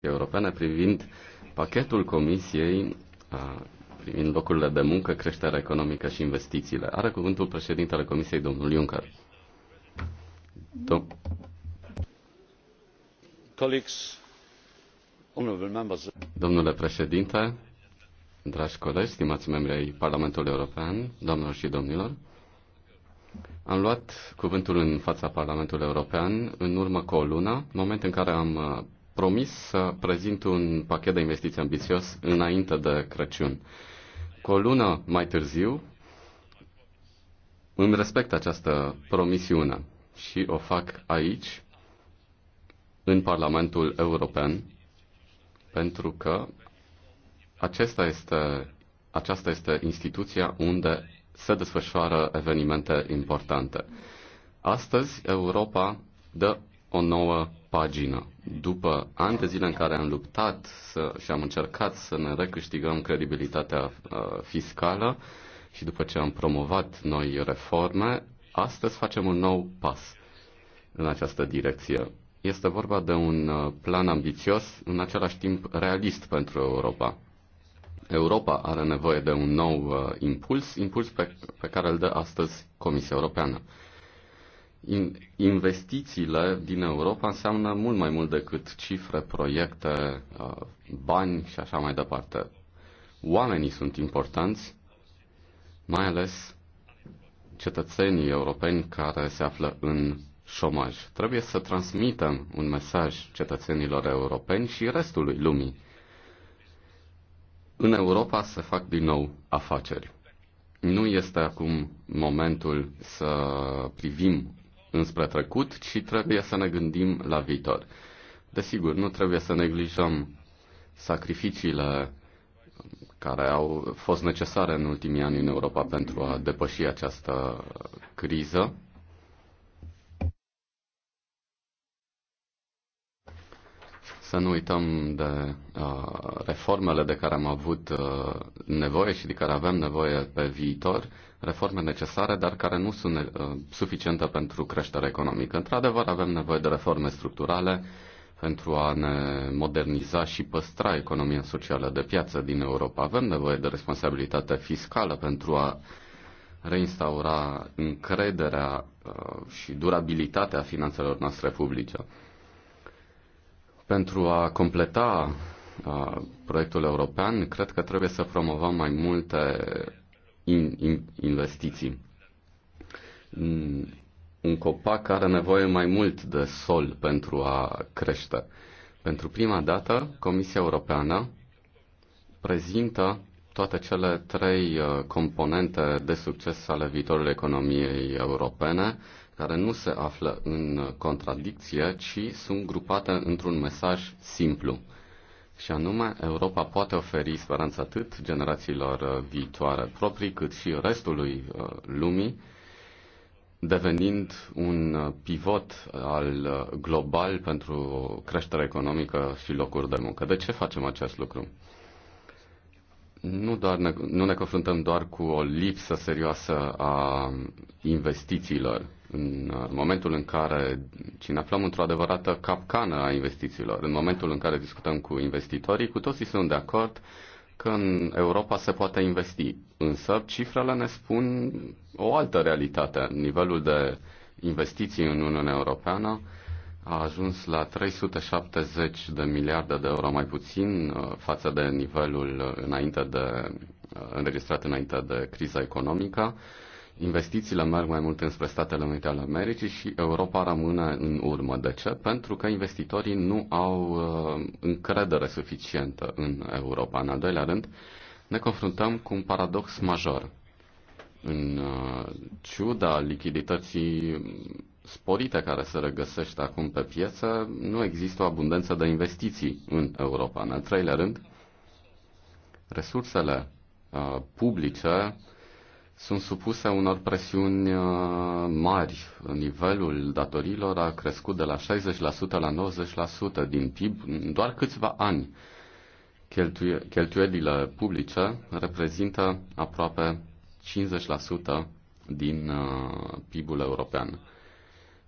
europene privind pachetul Comisiei privind locurile de muncă, creșterea economică și investițiile. Are cuvântul președintele Comisiei, domnul Juncker. Domnule președinte, dragi colegi, stimați membri ai Parlamentului European, domnilor și domnilor, am luat cuvântul în fața Parlamentului European în urmă cu o lună, moment în care am promis să prezint un pachet de investiții ambițios înainte de Crăciun. Cu o lună mai târziu, îmi respect această promisiune și o fac aici, în Parlamentul European, pentru că acesta este, aceasta este instituția unde se desfășoară evenimente importante. Astăzi, Europa dă o nouă pagină. După ani de zile în care am luptat să, și am încercat să ne recâștigăm credibilitatea uh, fiscală și după ce am promovat noi reforme, astăzi facem un nou pas în această direcție. Este vorba de un uh, plan ambițios, în același timp realist pentru Europa. Europa are nevoie de un nou uh, impuls, impuls pe, pe care îl dă astăzi Comisia Europeană investițiile din Europa înseamnă mult mai mult decât cifre, proiecte, uh, bani și așa mai departe. Oamenii sunt importanți, mai ales cetățenii europeni care se află în șomaj. Trebuie să transmitem un mesaj cetățenilor europeni și restului lumii. În Europa se fac din nou afaceri. Nu este acum momentul să privim înspre trecut, ci trebuie să ne gândim la viitor. Desigur, nu trebuie să neglijăm sacrificiile care au fost necesare în ultimii ani în Europa pentru a depăși această criză. Să nu uităm de uh, reformele de care am avut uh, nevoie și de care avem nevoie pe viitor reforme necesare, dar care nu sunt uh, suficiente pentru creșterea economică. Într-adevăr, avem nevoie de reforme structurale pentru a ne moderniza și păstra economia socială de piață din Europa. Avem nevoie de responsabilitate fiscală pentru a reinstaura încrederea uh, și durabilitatea finanțelor noastre publice. Pentru a completa uh, proiectul european, cred că trebuie să promovăm mai multe in, in, investiții. Un copac are nevoie mai mult de sol pentru a crește. Pentru prima dată, Comisia Europeană prezintă toate cele trei uh, componente de succes ale viitorului economiei europene, care nu se află în contradicție, ci sunt grupate într-un mesaj simplu. Și anume, Europa poate oferi speranță atât generațiilor uh, viitoare proprii, cât și restului uh, lumii, devenind un uh, pivot al global pentru creștere economică și locuri de muncă. De ce facem acest lucru? Nu, doar ne, nu ne confruntăm doar cu o lipsă serioasă a investițiilor în momentul în care, ci ne aflăm într-o adevărată capcană a investițiilor, în momentul în care discutăm cu investitorii, cu toții sunt de acord că în Europa se poate investi. Însă cifrele ne spun o altă realitate. Nivelul de investiții în Uniunea Europeană a ajuns la 370 de miliarde de euro mai puțin uh, față de nivelul înainte de, uh, înregistrat înainte de criza economică investițiile merg mai mult înspre Statele Unite ale Americii și Europa rămâne în urmă. De ce? Pentru că investitorii nu au uh, încredere suficientă în Europa. În al doilea rând, ne confruntăm cu un paradox major. În uh, ciuda lichidității sporite care se regăsește acum pe piață, nu există o abundență de investiții în Europa. În al treilea rând, resursele uh, publice sunt supuse unor presiuni uh, mari. Nivelul datorilor a crescut de la 60% la 90% din PIB în doar câțiva ani. cheltuielile publice reprezintă aproape 50% din uh, PIB-ul european.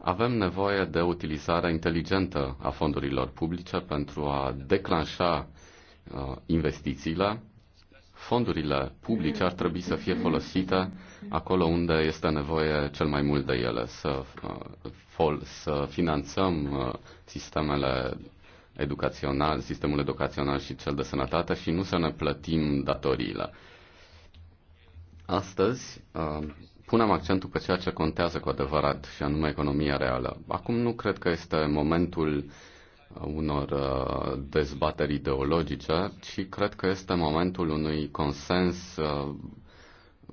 Avem nevoie de utilizarea inteligentă a fondurilor publice pentru a declanșa uh, investițiile fondurile publice ar trebui să fie folosite acolo unde este nevoie cel mai mult de ele, să, uh, să finanțăm uh, sistemele educațional, sistemul educațional și cel de sănătate și nu să ne plătim datoriile. Astăzi uh, punem accentul pe ceea ce contează cu adevărat și anume economia reală. Acum nu cred că este momentul unor uh, dezbateri ideologice, ci cred că este momentul unui consens uh,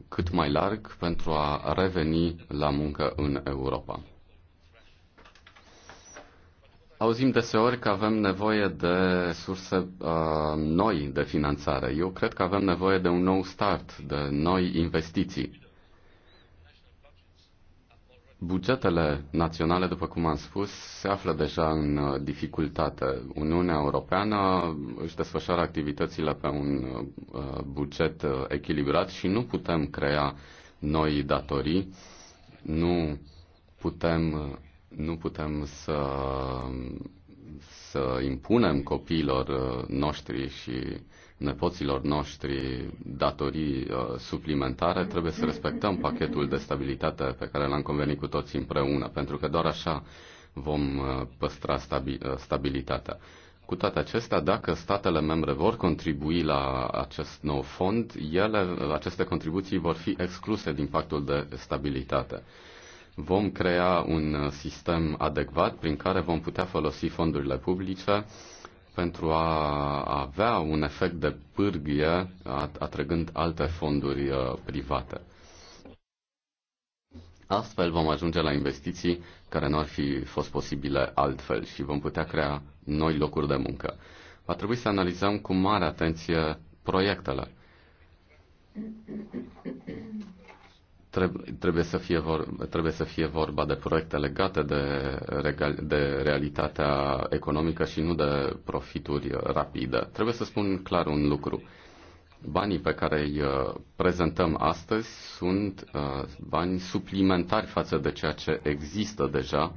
cât mai larg pentru a reveni la muncă în Europa. Auzim deseori că avem nevoie de surse uh, noi de finanțare. Eu cred că avem nevoie de un nou start, de noi investiții. Bugetele naționale, după cum am spus, se află deja în uh, dificultate. Uniunea Europeană își desfășoară activitățile pe un uh, buget uh, echilibrat și nu putem crea noi datorii, nu putem, nu putem să, să impunem copiilor noștri și nepoților noștri datorii uh, suplimentare, trebuie să respectăm pachetul de stabilitate pe care l-am convenit cu toți împreună, pentru că doar așa vom uh, păstra stabi- uh, stabilitatea. Cu toate acestea, dacă statele membre vor contribui la acest nou fond, ele, aceste contribuții vor fi excluse din pactul de stabilitate. Vom crea un uh, sistem adecvat prin care vom putea folosi fondurile publice uh, pentru a avea un efect de pârghie atrăgând alte fonduri uh, private. Astfel vom ajunge la investiții care nu ar fi fost posibile altfel și vom putea crea noi locuri de muncă. Va trebui să analizăm cu mare atenție proiectele. Trebuie să, fie vor, trebuie să fie vorba de proiecte legate de, regal, de realitatea economică și nu de profituri rapide. Trebuie să spun clar un lucru. Banii pe care îi uh, prezentăm astăzi sunt uh, bani suplimentari față de ceea ce există deja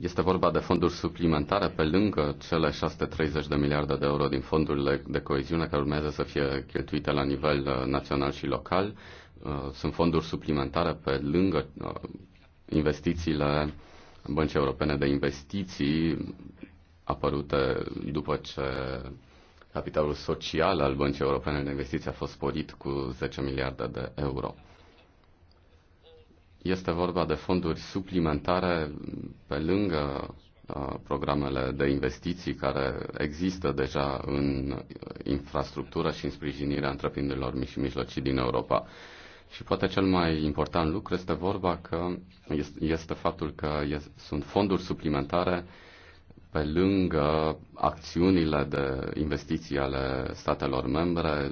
Este vorba de fonduri suplimentare pe lângă cele 630 de miliarde de euro din fondurile de coeziune care urmează să fie cheltuite la nivel uh, național și local. Uh, sunt fonduri suplimentare pe lângă uh, investițiile Băncii Europene de Investiții apărute după ce capitalul social al Băncii Europene de Investiții a fost sporit cu 10 miliarde de euro. Este vorba de fonduri suplimentare pe lângă programele de investiții care există deja în infrastructură și în sprijinirea întreprinderilor mici și mijlocii din Europa. Și poate cel mai important lucru este vorba că este faptul că sunt fonduri suplimentare pe lângă acțiunile de investiții ale statelor membre,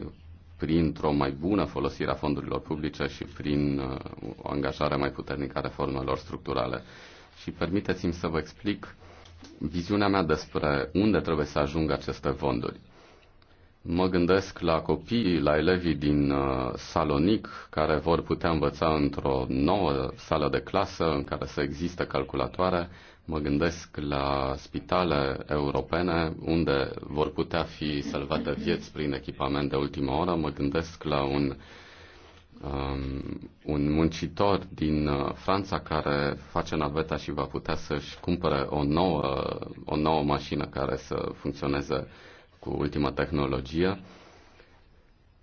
printr-o mai bună folosire a fondurilor publice și prin uh, o angajare mai puternică a reformelor structurale. Și permiteți-mi să vă explic viziunea mea despre unde trebuie să ajungă aceste fonduri. Mă gândesc la copiii, la elevii din uh, Salonic, care vor putea învăța într-o nouă sală de clasă în care să există calculatoare, Mă gândesc la spitale europene unde vor putea fi salvate vieți prin echipament de ultimă oră. Mă gândesc la un, um, un muncitor din uh, Franța care face naveta și va putea să-și cumpere o nouă, o nouă mașină care să funcționeze cu ultima tehnologie.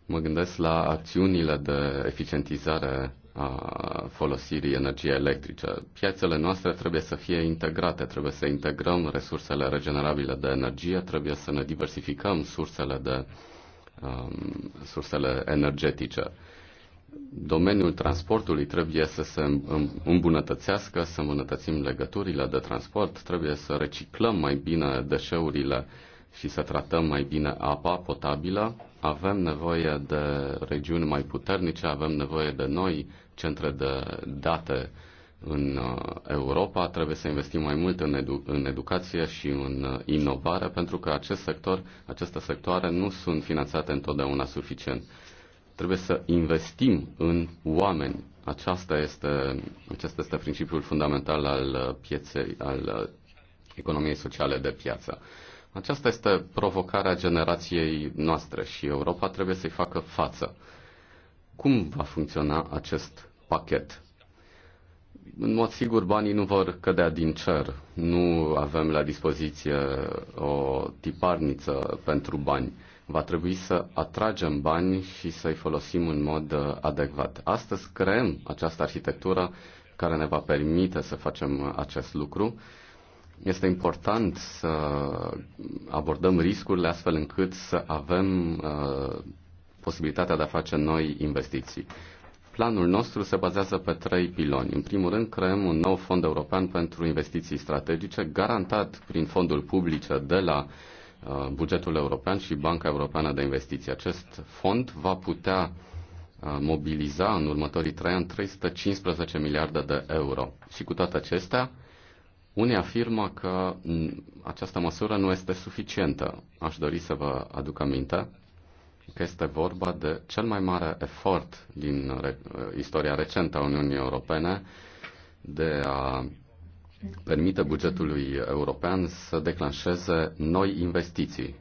Mă gândesc la acțiunile de eficientizare a folosirii energiei electrice. Piațele noastre trebuie să fie integrate, trebuie să integrăm resursele regenerabile de energie, trebuie să ne diversificăm sursele, de, um, sursele energetice. Domeniul transportului trebuie să se îmbunătățească, să îmbunătățim legăturile de transport, trebuie să reciclăm mai bine deșeurile și să tratăm mai bine apa potabilă. Avem nevoie de regiuni mai puternice, avem nevoie de noi centre de date în uh, Europa, trebuie să investim mai mult în, edu- în educație și în uh, inovare, pentru că acest sector, aceste sectoare nu sunt finanțate întotdeauna suficient. Trebuie să investim în oameni. Aceasta este, acesta este principiul fundamental al uh, pieței, al economiei sociale de piață. Aceasta este provocarea generației noastre și Europa trebuie să-i facă față. Cum va funcționa acest pachet? În mod sigur, banii nu vor cădea din cer. Nu avem la dispoziție o tiparniță pentru bani. Va trebui să atragem bani și să-i folosim în mod uh, adecvat. Astăzi creăm această arhitectură care ne va permite să facem acest lucru. Este important să abordăm riscurile astfel încât să avem uh, posibilitatea de a face noi investiții. Planul nostru se bazează pe trei piloni. În primul rând, creăm un nou fond european pentru investiții strategice, garantat prin fonduri publice de la uh, bugetul european și Banca Europeană de Investiții. Acest fond va putea uh, mobiliza în următorii trei ani 315 miliarde de euro. Și cu toate acestea, unii afirmă că mm, această măsură nu este suficientă. Aș dori să vă aduc aminte că este vorba de cel mai mare efort din re- istoria recentă a Uniunii Europene de a permite bugetului european să declanșeze noi investiții.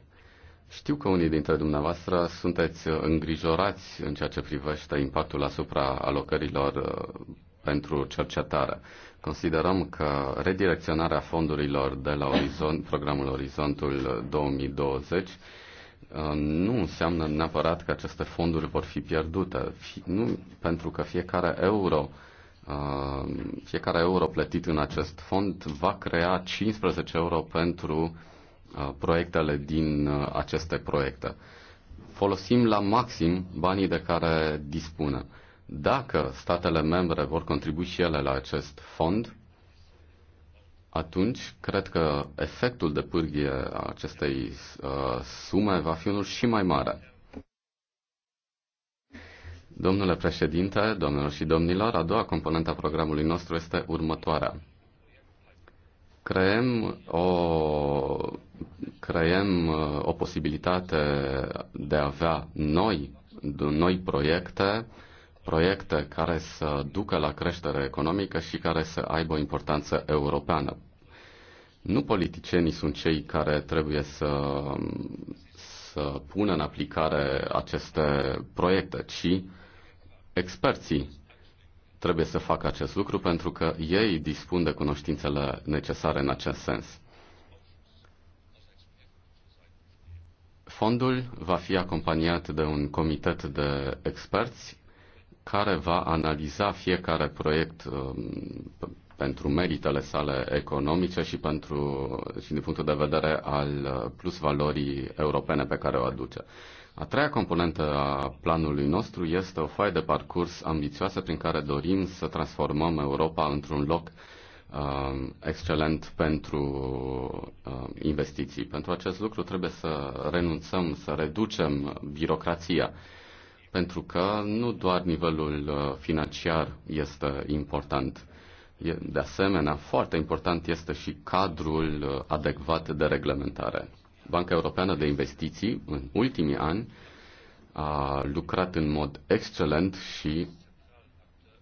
Știu că unii dintre dumneavoastră sunteți îngrijorați în ceea ce privește impactul asupra alocărilor uh, pentru cercetare. Considerăm că redirecționarea fondurilor de la Orizont, programul Orizontul 2020 Uh, nu înseamnă neapărat că aceste fonduri vor fi pierdute, nu, pentru că fiecare euro uh, fiecare euro plătit în acest fond va crea 15 euro pentru uh, proiectele din aceste proiecte. Folosim la maxim banii de care dispunem. Dacă statele membre vor contribui și ele la acest fond, atunci cred că efectul de pârghie a acestei uh, sume va fi unul și mai mare. Domnule președinte, domnilor și domnilor, a doua componentă a programului nostru este următoarea. Creăm o, creăm uh, o posibilitate de a avea noi, noi proiecte, proiecte care să ducă la creștere economică și care să aibă o importanță europeană. Nu politicienii sunt cei care trebuie să, să pună în aplicare aceste proiecte, ci experții trebuie să facă acest lucru pentru că ei dispun de cunoștințele necesare în acest sens. Fondul va fi acompaniat de un comitet de experți care va analiza fiecare proiect um, pentru meritele sale economice și, pentru, și din punctul de vedere al uh, plus valorii europene pe care o aduce. A treia componentă a planului nostru este o foaie de parcurs ambițioasă prin care dorim să transformăm Europa într-un loc uh, excelent pentru uh, investiții. Pentru acest lucru trebuie să renunțăm, să reducem birocrația, pentru că nu doar nivelul uh, financiar este important. De asemenea, foarte important este și cadrul uh, adecvat de reglementare. Banca Europeană de Investiții, în ultimii ani, a lucrat în mod excelent și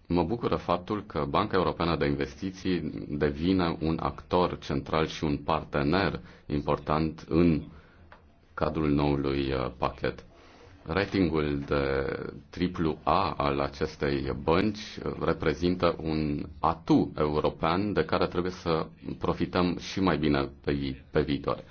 mă bucură faptul că Banca Europeană de Investiții devine un actor central și un partener important în cadrul noului uh, pachet. Ratingul de A al acestei bănci uh, reprezintă un atu european de care trebuie să profităm și mai bine pe, pe viitor.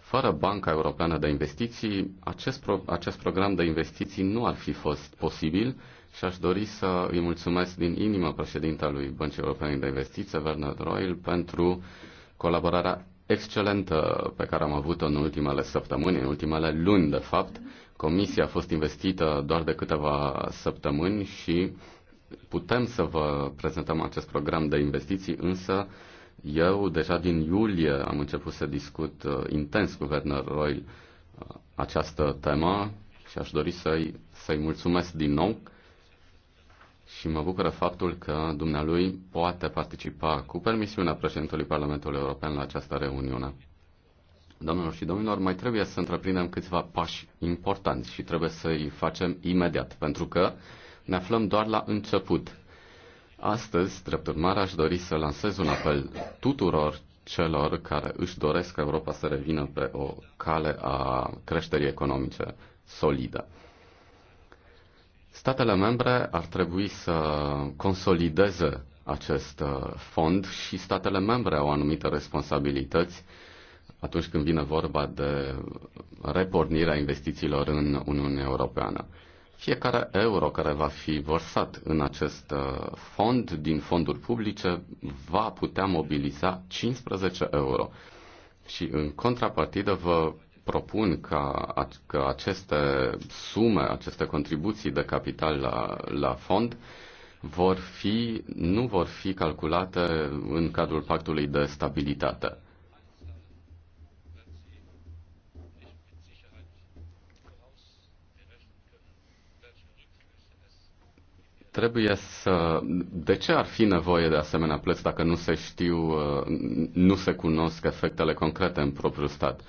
Fără Banca Europeană de Investiții, acest, pro- acest program de investiții nu ar fi fost posibil și aș dori să îi mulțumesc din inimă președintelui Băncii Europene de Investiții, Werner Royal, pentru colaborarea excelentă pe care am avut-o în ultimele săptămâni, în ultimele luni, de fapt. Comisia a fost investită doar de câteva săptămâni și putem să vă prezentăm acest program de investiții, însă eu deja din iulie am început să discut uh, intens cu Werner Royal uh, această temă și aș dori să-i, să-i mulțumesc din nou și mă bucură faptul că dumnealui poate participa cu permisiunea președintelui Parlamentului European la această reuniune. Domnilor și domnilor, mai trebuie să întreprindem câțiva pași importanți și trebuie să îi facem imediat, pentru că ne aflăm doar la început. Astăzi, drept urmare, aș dori să lansez un apel tuturor celor care își doresc ca Europa să revină pe o cale a creșterii economice solidă. Statele membre ar trebui să consolideze acest uh, fond și statele membre au anumite responsabilități atunci când vine vorba de repornirea investițiilor în Uniunea Europeană. Fiecare euro care va fi vărsat în acest uh, fond din fonduri publice va putea mobiliza 15 euro. Și în contrapartidă vă propun ca, că aceste sume, aceste contribuții de capital la, la fond vor fi, nu vor fi calculate în cadrul pactului de stabilitate. trebuie să... De ce ar fi nevoie de asemenea plăți dacă nu se știu, nu se cunosc efectele concrete în propriul stat?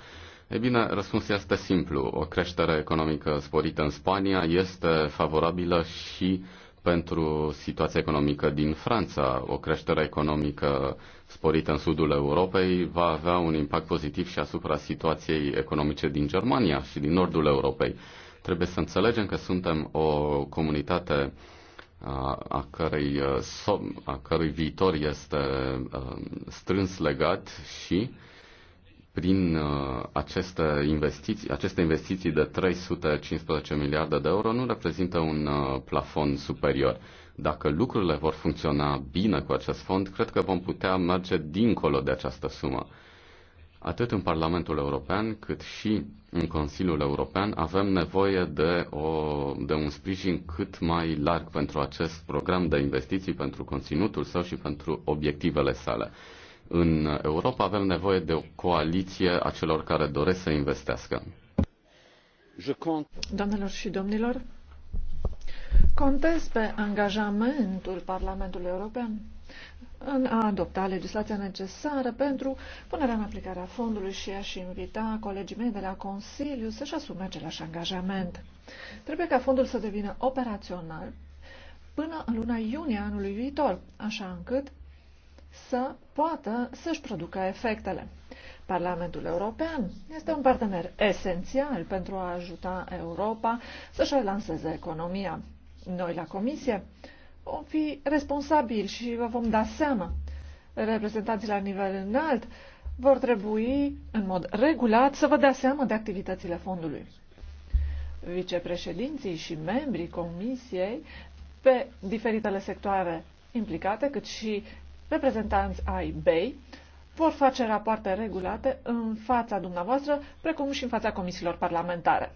E bine, răspunsul este simplu. O creștere economică sporită în Spania este favorabilă și pentru situația economică din Franța. O creștere economică sporită în sudul Europei va avea un impact pozitiv și asupra situației economice din Germania și din nordul Europei. Trebuie să înțelegem că suntem o comunitate a cărei, a cărui viitor este strâns legat și uh, prin uh, aceste investiții, aceste investiții de 315 miliarde de euro nu reprezintă un uh, plafon superior. Dacă lucrurile vor funcționa bine cu acest fond, cred că vom putea merge dincolo de această sumă. Atât în Parlamentul European, cât și în Consiliul European avem nevoie de, o, de un sprijin cât mai larg pentru acest program de investiții, pentru conținutul său și pentru obiectivele sale în Europa avem nevoie de o coaliție a celor care doresc să investească. Doamnelor și domnilor, contez pe angajamentul Parlamentului European în a adopta legislația necesară pentru punerea în aplicare a fondului și aș invita colegii mei de la Consiliu să-și asume același angajament. Trebuie ca fondul să devină operațional până în luna iunie anului viitor, așa încât să poată să-și producă efectele. Parlamentul European este un partener esențial pentru a ajuta Europa să-și relanseze economia. Noi, la Comisie, vom fi responsabili și vă vom da seama. Reprezentanții la nivel înalt vor trebui, în mod regulat, să vă dea seama de activitățile fondului. Vicepreședinții și membrii Comisiei pe diferitele sectoare implicate, cât și reprezentanți ai BEI vor face rapoarte regulate în fața dumneavoastră, precum și în fața comisiilor parlamentare.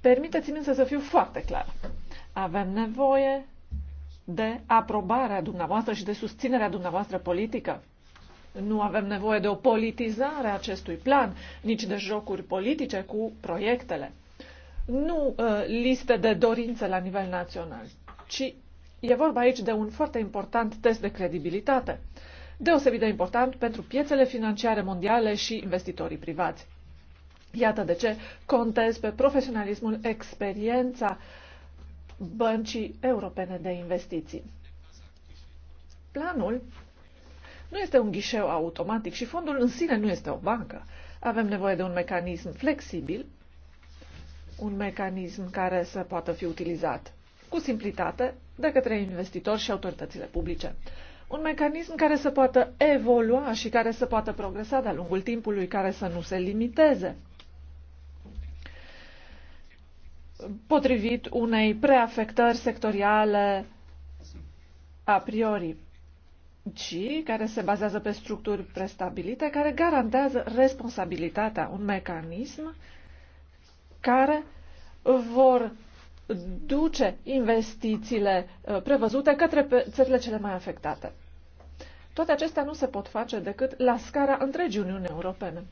Permiteți-mi însă să fiu foarte clar. Avem nevoie de aprobarea dumneavoastră și de susținerea dumneavoastră politică. Nu avem nevoie de o politizare a acestui plan, nici de jocuri politice cu proiectele. Nu uh, liste de dorințe la nivel național, ci E vorba aici de un foarte important test de credibilitate, deosebit de important pentru piețele financiare mondiale și investitorii privați. Iată de ce contez pe profesionalismul, experiența băncii europene de investiții. Planul nu este un ghișeu automatic și fondul în sine nu este o bancă. Avem nevoie de un mecanism flexibil, un mecanism care să poată fi utilizat cu simplitate de către investitori și autoritățile publice. Un mecanism care să poată evolua și care să poată progresa de-a lungul timpului, care să nu se limiteze. Potrivit unei preafectări sectoriale a priori, ci care se bazează pe structuri prestabilite, care garantează responsabilitatea, un mecanism care vor duce investițiile uh, prevăzute către țările cele mai afectate. Toate acestea nu se pot face decât la scara întregii Uniuni Europene.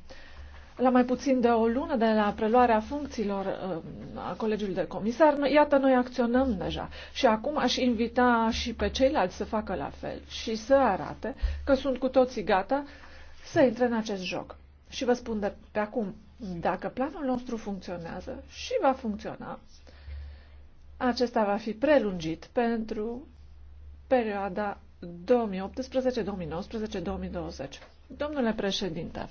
La mai puțin de o lună de la preluarea funcțiilor uh, a Colegiului de Comisar, iată, noi acționăm deja. Și acum aș invita și pe ceilalți să facă la fel și să arate că sunt cu toții gata să intre în acest joc. Și vă spun de pe acum, dacă planul nostru funcționează și va funcționa, acesta va fi prelungit pentru perioada 2018, 2019, 2020. Domnule președinte,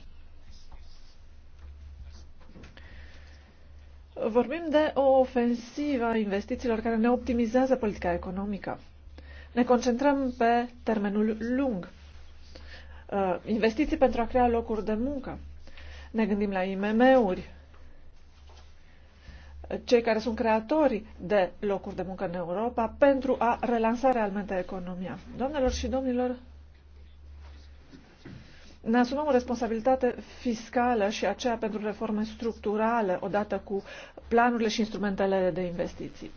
vorbim de o ofensivă a investițiilor care ne optimizează politica economică. Ne concentrăm pe termenul lung. Uh, investiții pentru a crea locuri de muncă. Ne gândim la IMM-uri, cei care sunt creatori de locuri de muncă în Europa pentru a relansa realmente economia. Doamnelor și domnilor, ne asumăm o responsabilitate fiscală și aceea pentru reforme structurale, odată cu planurile și instrumentele de investiții.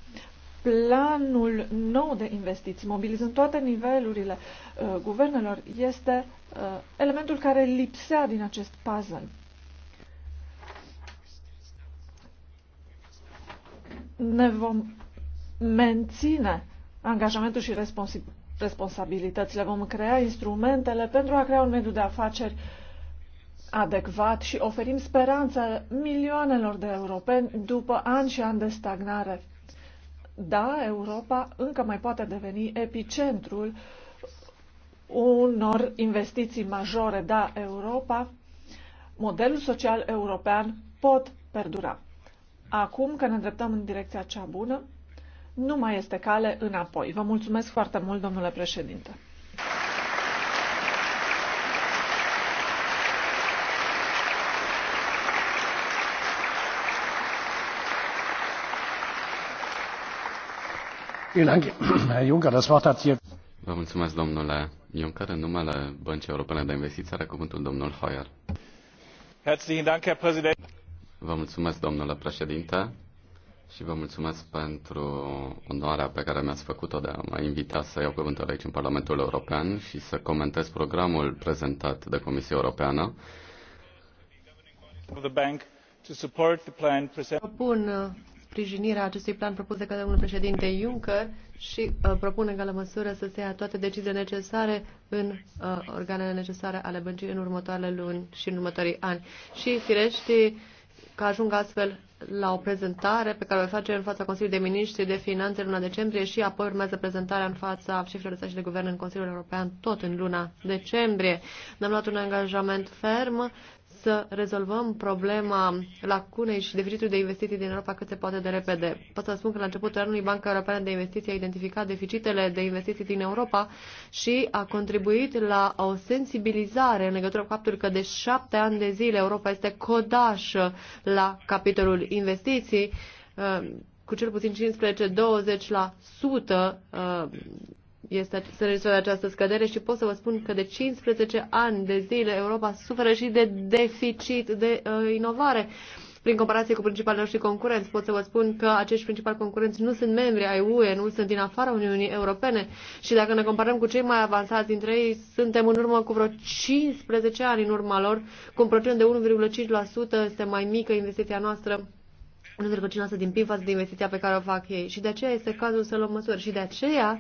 Planul nou de investiții, mobilizând toate nivelurile uh, guvernelor, este uh, elementul care lipsea din acest puzzle. ne vom menține angajamentul și responsabilitățile, vom crea instrumentele pentru a crea un mediu de afaceri adecvat și oferim speranță milioanelor de europeni după ani și ani de stagnare. Da, Europa încă mai poate deveni epicentrul unor investiții majore. Da, Europa, modelul social european pot perdura acum că ne îndreptăm în direcția cea bună, nu mai este cale înapoi. Vă mulțumesc foarte mult, domnule președinte. Vă mulțumesc, domnule Juncker. În numele Băncii Europene de Investiții are cuvântul domnul Hoyer. Vă mulțumesc, domnule președinte, și vă mulțumesc pentru onoarea pe care mi-ați făcut-o de a mă invita să iau cuvântul aici în Parlamentul European și să comentez programul prezentat de Comisia Europeană. Propun uh, sprijinirea acestui plan propus de către domnul președinte Juncker și uh, propun în egală măsură să se ia toate deciziile necesare în uh, organele necesare ale băncii în următoarele luni și în următorii ani. Și, firește, că ajung astfel la o prezentare pe care o face în fața Consiliului de Miniștri de Finanțe luna decembrie și apoi urmează prezentarea în fața șefilor de stat și de guvern în Consiliul European tot în luna decembrie. Ne-am luat un angajament ferm să rezolvăm problema lacunei și deficitului de investiții din Europa cât se poate de repede. Pot să spun că la începutul anului Banca Europeană de Investiții a identificat deficitele de investiții din Europa și a contribuit la o sensibilizare în legătură cu faptul că de șapte ani de zile Europa este codașă la capitolul investiții, uh, cu cel puțin 15-20% este, se registrează această scădere și pot să vă spun că de 15 ani de zile Europa suferă și de deficit de uh, inovare. Prin comparație cu principalii noștri concurenți, pot să vă spun că acești principali concurenți nu sunt membri ai UE, nu sunt din afara Uniunii Europene și dacă ne comparăm cu cei mai avansați dintre ei, suntem în urmă cu vreo 15 ani în urma lor, cu un procent de 1,5% este mai mică investiția noastră cine din PIB față de investiția pe care o fac ei. Și de aceea este cazul să luăm măsuri. Și de aceea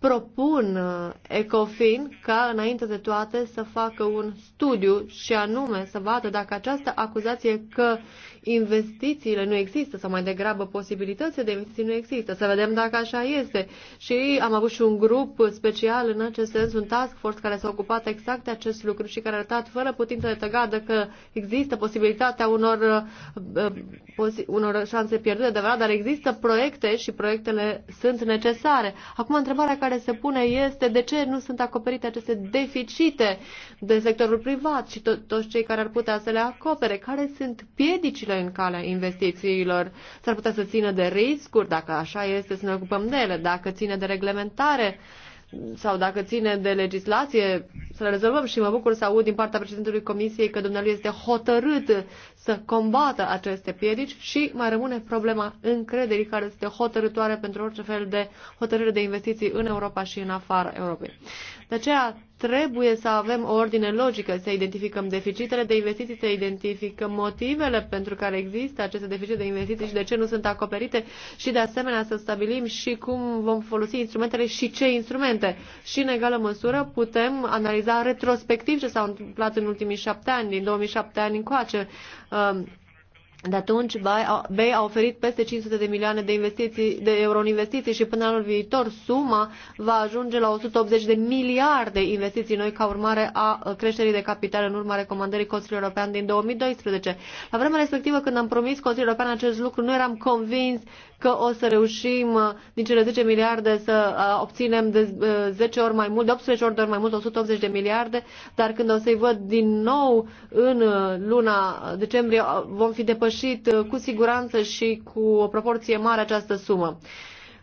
propun uh, Ecofin ca, înainte de toate, să facă un studiu și anume să vadă dacă această acuzație că investițiile nu există sau mai degrabă posibilitățile de investiții nu există. Să vedem dacă așa este. Și am avut și un grup special în acest sens, un task force care s-a ocupat exact de acest lucru și care a arătat fără putință de tăgadă că există posibilitatea unor, uh, posi, unor șanse pierdute, de adevărat, dar există proiecte și proiectele sunt necesare. Acum, întrebarea care care se pune este de ce nu sunt acoperite aceste deficite de sectorul privat și to- toți cei care ar putea să le acopere, care sunt piedicile în calea investițiilor, s-ar putea să țină de riscuri, dacă așa este, să ne ocupăm de ele, dacă ține de reglementare, uh, sau dacă ține de legislație, să le rezolvăm și mă bucur să aud din partea președintelui Comisiei că dumnealui este hotărât să combată aceste piedici și mai rămâne problema încrederii care este hotărătoare pentru orice fel de hotărâre de investiții în Europa și în afara Europei. De aceea trebuie să avem o ordine logică, să identificăm deficitele de investiții, să identificăm motivele pentru care există aceste deficite de investiții și de ce nu sunt acoperite și de asemenea să stabilim și cum vom folosi instrumentele și ce instrumente. Și în egală măsură putem analiza retrospectiv ce s-a întâmplat în ultimii șapte ani, din 2007 ani încoace um, de atunci, BEI a oferit peste 500 de milioane de, investiții, de euro în investiții și până anul viitor suma va ajunge la 180 de miliarde investiții noi ca urmare a creșterii de capital în urma recomandării Consiliului European din 2012. La vremea respectivă, când am promis Consiliul European acest lucru, nu eram convins că o să reușim uh, din cele 10 miliarde să uh, obținem de 10 uh, ori mai mult, de 18 ori, de ori mai mult, 180 de miliarde, dar când o să-i văd din nou în luna decembrie, vom fi depășit depășit uh, cu siguranță și cu o proporție mare această sumă.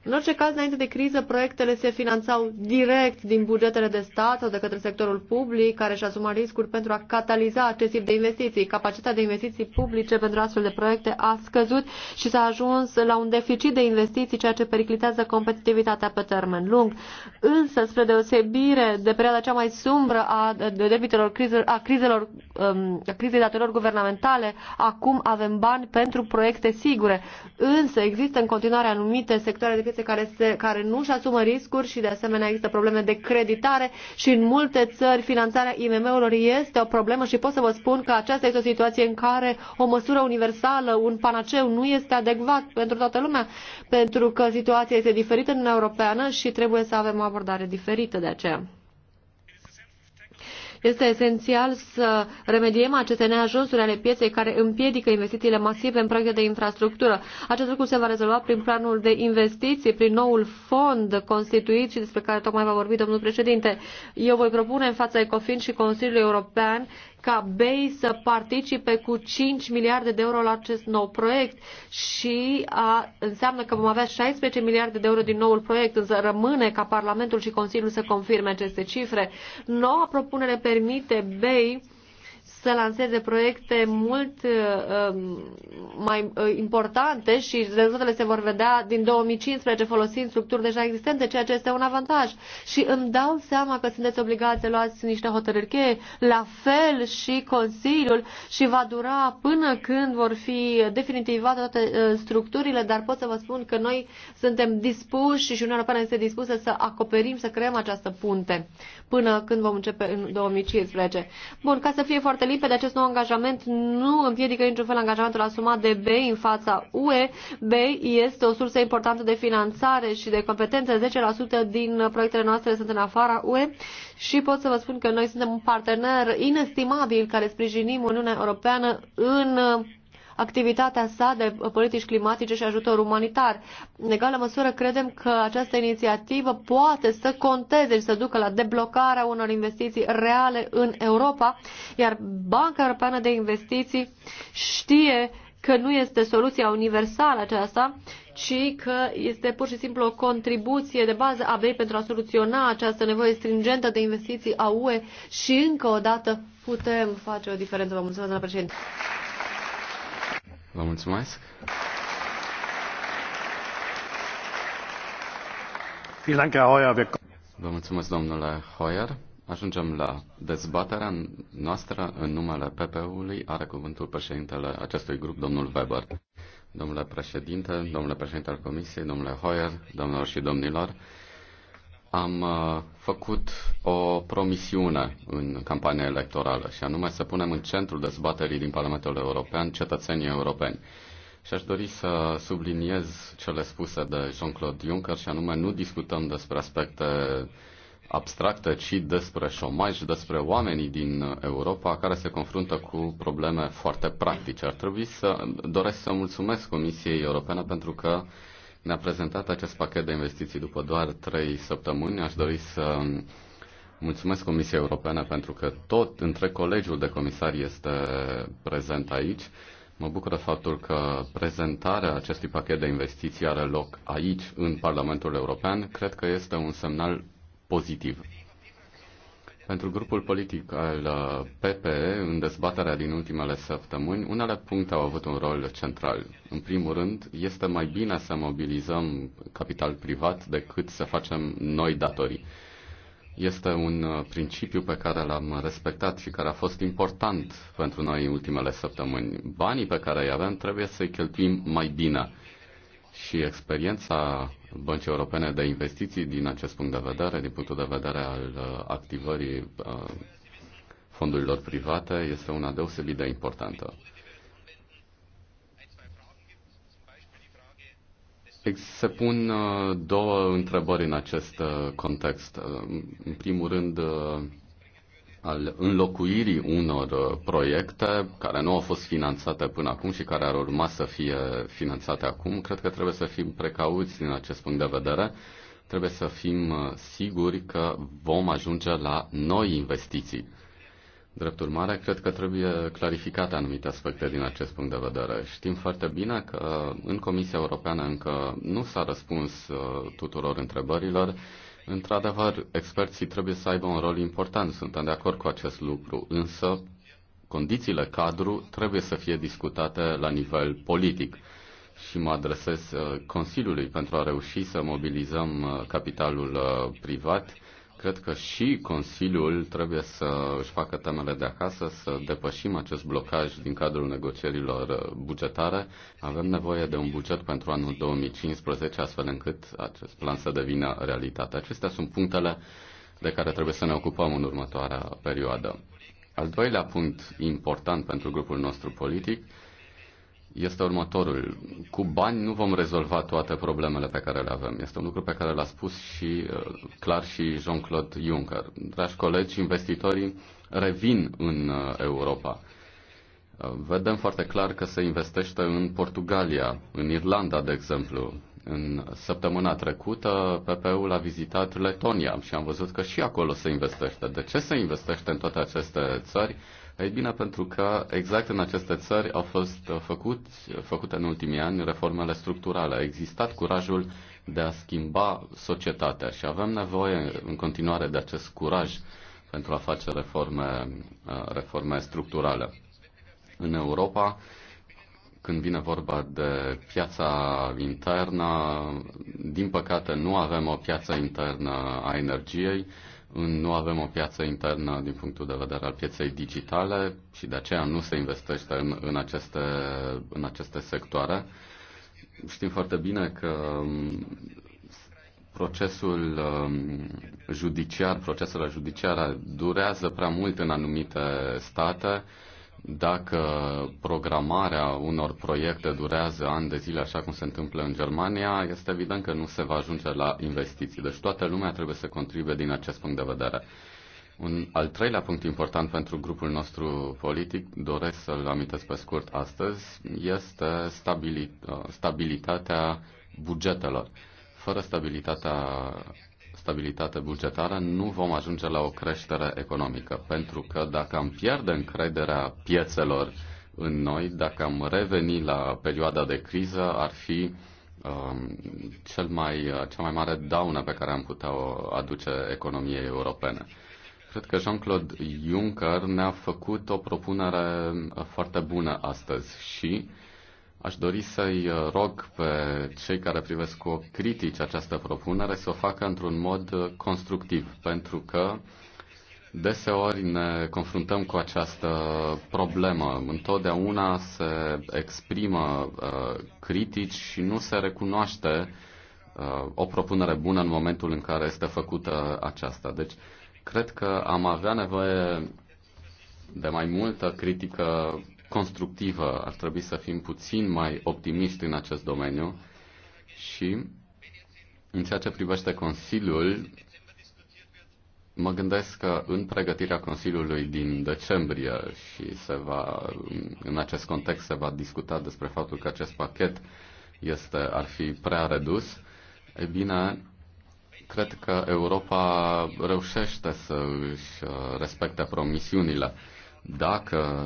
În orice caz, înainte de criză, proiectele se finanțau direct din bugetele de stat sau de către sectorul public, care și-a asumat riscuri pentru a cataliza acest tip de investiții. Capacitatea de investiții publice pentru astfel de proiecte a scăzut și s-a ajuns la un deficit de investiții, ceea ce periclitează competitivitatea pe termen lung. Însă, spre deosebire de perioada cea mai sumbră a debitelor, a crizelor, um, a crizei datorilor guvernamentale, acum avem bani pentru proiecte sigure. Însă, există în continuare anumite sectoare de piețe care, se, care nu își asumă riscuri și de asemenea există probleme de creditare și în multe țări finanțarea IMM-urilor este o problemă și pot să vă spun că aceasta este o situație în care o măsură universală, un panaceu nu este adecvat pentru toată lumea pentru că situația este diferită în Uniunea Europeană și trebuie să avem o abordare diferită de aceea. Este esențial să remediem aceste neajunsuri ale pieței care împiedică investițiile masive în proiecte de infrastructură. Acest lucru se va rezolva prin planul de investiții, prin noul fond constituit și despre care tocmai va vorbi domnul președinte. Eu voi propune în fața ECOFIN și Consiliului European ca BEI să participe cu 5 miliarde de euro la acest nou proiect și a, înseamnă că vom avea 16 miliarde de euro din noul proiect, însă rămâne ca Parlamentul și Consiliul să confirme aceste cifre. Noua propunere permite BEI să lanseze proiecte mult um, mai uh, importante și rezultatele se vor vedea din 2015 folosind structuri deja existente, ceea ce este un avantaj. Și îmi dau seama că sunteți obligați să luați niște hotărâri cheie, la fel și Consiliul și va dura până când vor fi definitivate toate uh, structurile, dar pot să vă spun că noi suntem dispuși și Uniunea Europeană este dispusă să acoperim, să creăm această punte până când vom începe în 2015. Bun, ca să fie foarte limpede, acest nou angajament nu împiedică niciun fel angajamentul asumat de BEI în fața UE. BEI este o sursă importantă de finanțare și de competență. 10% din proiectele noastre sunt în afara UE și pot să vă spun că noi suntem un partener inestimabil care sprijinim Uniunea Europeană în activitatea sa de politici climatice și ajutor umanitar. În egală măsură, credem că această inițiativă poate să conteze și să ducă la deblocarea unor investiții reale în Europa, iar Banca Europeană de Investiții știe că nu este soluția universală aceasta, ci că este pur și simplu o contribuție de bază a BEI pentru a soluționa această nevoie stringentă de investiții a UE și încă o dată putem face o diferență. Vă mulțumesc, doamna președinte. Vă mulțumesc. Vă mulțumesc, domnule Hoyer. Ajungem la dezbaterea noastră în numele PP-ului. Are cuvântul președintele acestui grup, domnul Weber. Domnule președinte, domnule președinte al Comisiei, domnule Hoyer, domnilor și domnilor, am uh, făcut o promisiune în campania electorală și anume să punem în centrul dezbaterii din Parlamentul European cetățenii europeni. Și aș dori să subliniez cele spuse de Jean-Claude Juncker și anume nu discutăm despre aspecte abstracte, ci despre șomaj, despre oamenii din Europa care se confruntă cu probleme foarte practice. Ar trebui să doresc să mulțumesc Comisiei Europene pentru că ne-a prezentat acest pachet de investiții după doar trei săptămâni. Aș dori să mulțumesc Comisiei Europene pentru că tot între colegiul de comisari este prezent aici. Mă bucură faptul că prezentarea acestui pachet de investiții are loc aici, în Parlamentul European. Cred că este un semnal pozitiv pentru grupul politic al uh, PPE, în dezbaterea din ultimele săptămâni, unele puncte au avut un rol central. În primul rând, este mai bine să mobilizăm capital privat decât să facem noi datorii. Este un uh, principiu pe care l-am respectat și care a fost important pentru noi în ultimele săptămâni. Banii pe care îi avem trebuie să-i cheltuim mai bine și experiența Băncii Europene de Investiții din acest punct de vedere, din punctul de vedere al uh, activării uh, fondurilor private, este una deosebit de importantă. Se pun uh, două întrebări în acest context. În primul rând, al înlocuirii unor uh, proiecte care nu au fost finanțate până acum și care ar urma să fie finanțate acum, cred că trebuie să fim precauți din acest punct de vedere. Trebuie să fim uh, siguri că vom ajunge la noi investiții. Drept urmare, cred că trebuie clarificate anumite aspecte din acest punct de vedere. Știm foarte bine că în Comisia Europeană încă nu s-a răspuns uh, tuturor întrebărilor Într-adevăr, experții trebuie să aibă un rol important, suntem de acord cu acest lucru, însă condițiile cadru trebuie să fie discutate la nivel politic și mă adresez uh, Consiliului pentru a reuși să mobilizăm uh, capitalul uh, privat cred că și Consiliul trebuie să își facă temele de acasă, să depășim acest blocaj din cadrul negocierilor bugetare. Avem nevoie de un buget pentru anul 2015, astfel încât acest plan să devină realitate. Acestea sunt punctele de care trebuie să ne ocupăm în următoarea perioadă. Al doilea punct important pentru grupul nostru politic este următorul. Cu bani nu vom rezolva toate problemele pe care le avem. Este un lucru pe care l-a spus și uh, clar și Jean-Claude Juncker. Dragi colegi, investitorii revin în uh, Europa. Uh, vedem foarte clar că se investește în Portugalia, în Irlanda, de exemplu. În săptămâna trecută, PPU-ul a vizitat Letonia și am văzut că și acolo se investește. De ce se investește în toate aceste țări? Ei bine, pentru că exact în aceste țări au fost uh, făcut, făcute în ultimii ani reformele structurale. A existat curajul de a schimba societatea și avem nevoie în continuare de acest curaj pentru a face reforme, uh, reforme structurale. În Europa, când vine vorba de piața internă, din păcate nu avem o piață internă a energiei, nu avem o piață internă din punctul de vedere al pieței digitale și de aceea nu se investește în, în, aceste, în aceste sectoare. Știm foarte bine că um, procesul um, judiciar, procesele judiciare durează prea mult în anumite state dacă programarea unor proiecte durează ani de zile, așa cum se întâmplă în Germania, este evident că nu se va ajunge la investiții. Deci toată lumea trebuie să contribuie din acest punct de vedere. Un al treilea punct important pentru grupul nostru politic, doresc să-l amintesc pe scurt astăzi, este stabilitatea bugetelor. Fără stabilitatea stabilitate bugetară, nu vom ajunge la o creștere economică. Pentru că dacă am pierde încrederea piețelor în noi, dacă am reveni la perioada de criză, ar fi um, cel mai, cea mai mare daună pe care am putea o aduce economiei europene. Cred că Jean-Claude Juncker ne-a făcut o propunere foarte bună astăzi și uh, Aș dori să-i uh, rog pe cei care privesc cu critici această propunere să o facă într-un mod uh, constructiv, pentru că deseori ne confruntăm cu această problemă. Întotdeauna se exprimă uh, critici și nu se recunoaște uh, o propunere bună în momentul în care este făcută aceasta. Deci, cred că am avea nevoie de mai multă critică constructivă. Ar trebui să fim puțin mai optimiști în acest domeniu și în ceea ce privește Consiliul, mă gândesc că în pregătirea Consiliului din decembrie și se va, în acest context se va discuta despre faptul că acest pachet este, ar fi prea redus, e bine, cred că Europa reușește să își uh, respecte promisiunile dacă,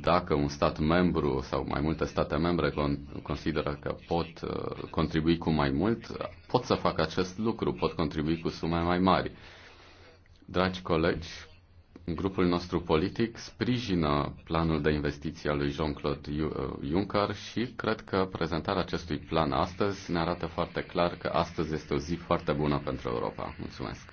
dacă un stat membru sau mai multe state membre consideră că pot uh, contribui cu mai mult, pot să facă acest lucru, pot contribui cu sume mai mari. Dragi colegi, grupul nostru politic sprijină planul de investiții al lui Jean-Claude uh, Juncker și cred că prezentarea acestui plan astăzi ne arată foarte clar că astăzi este o zi foarte bună pentru Europa. Mulțumesc!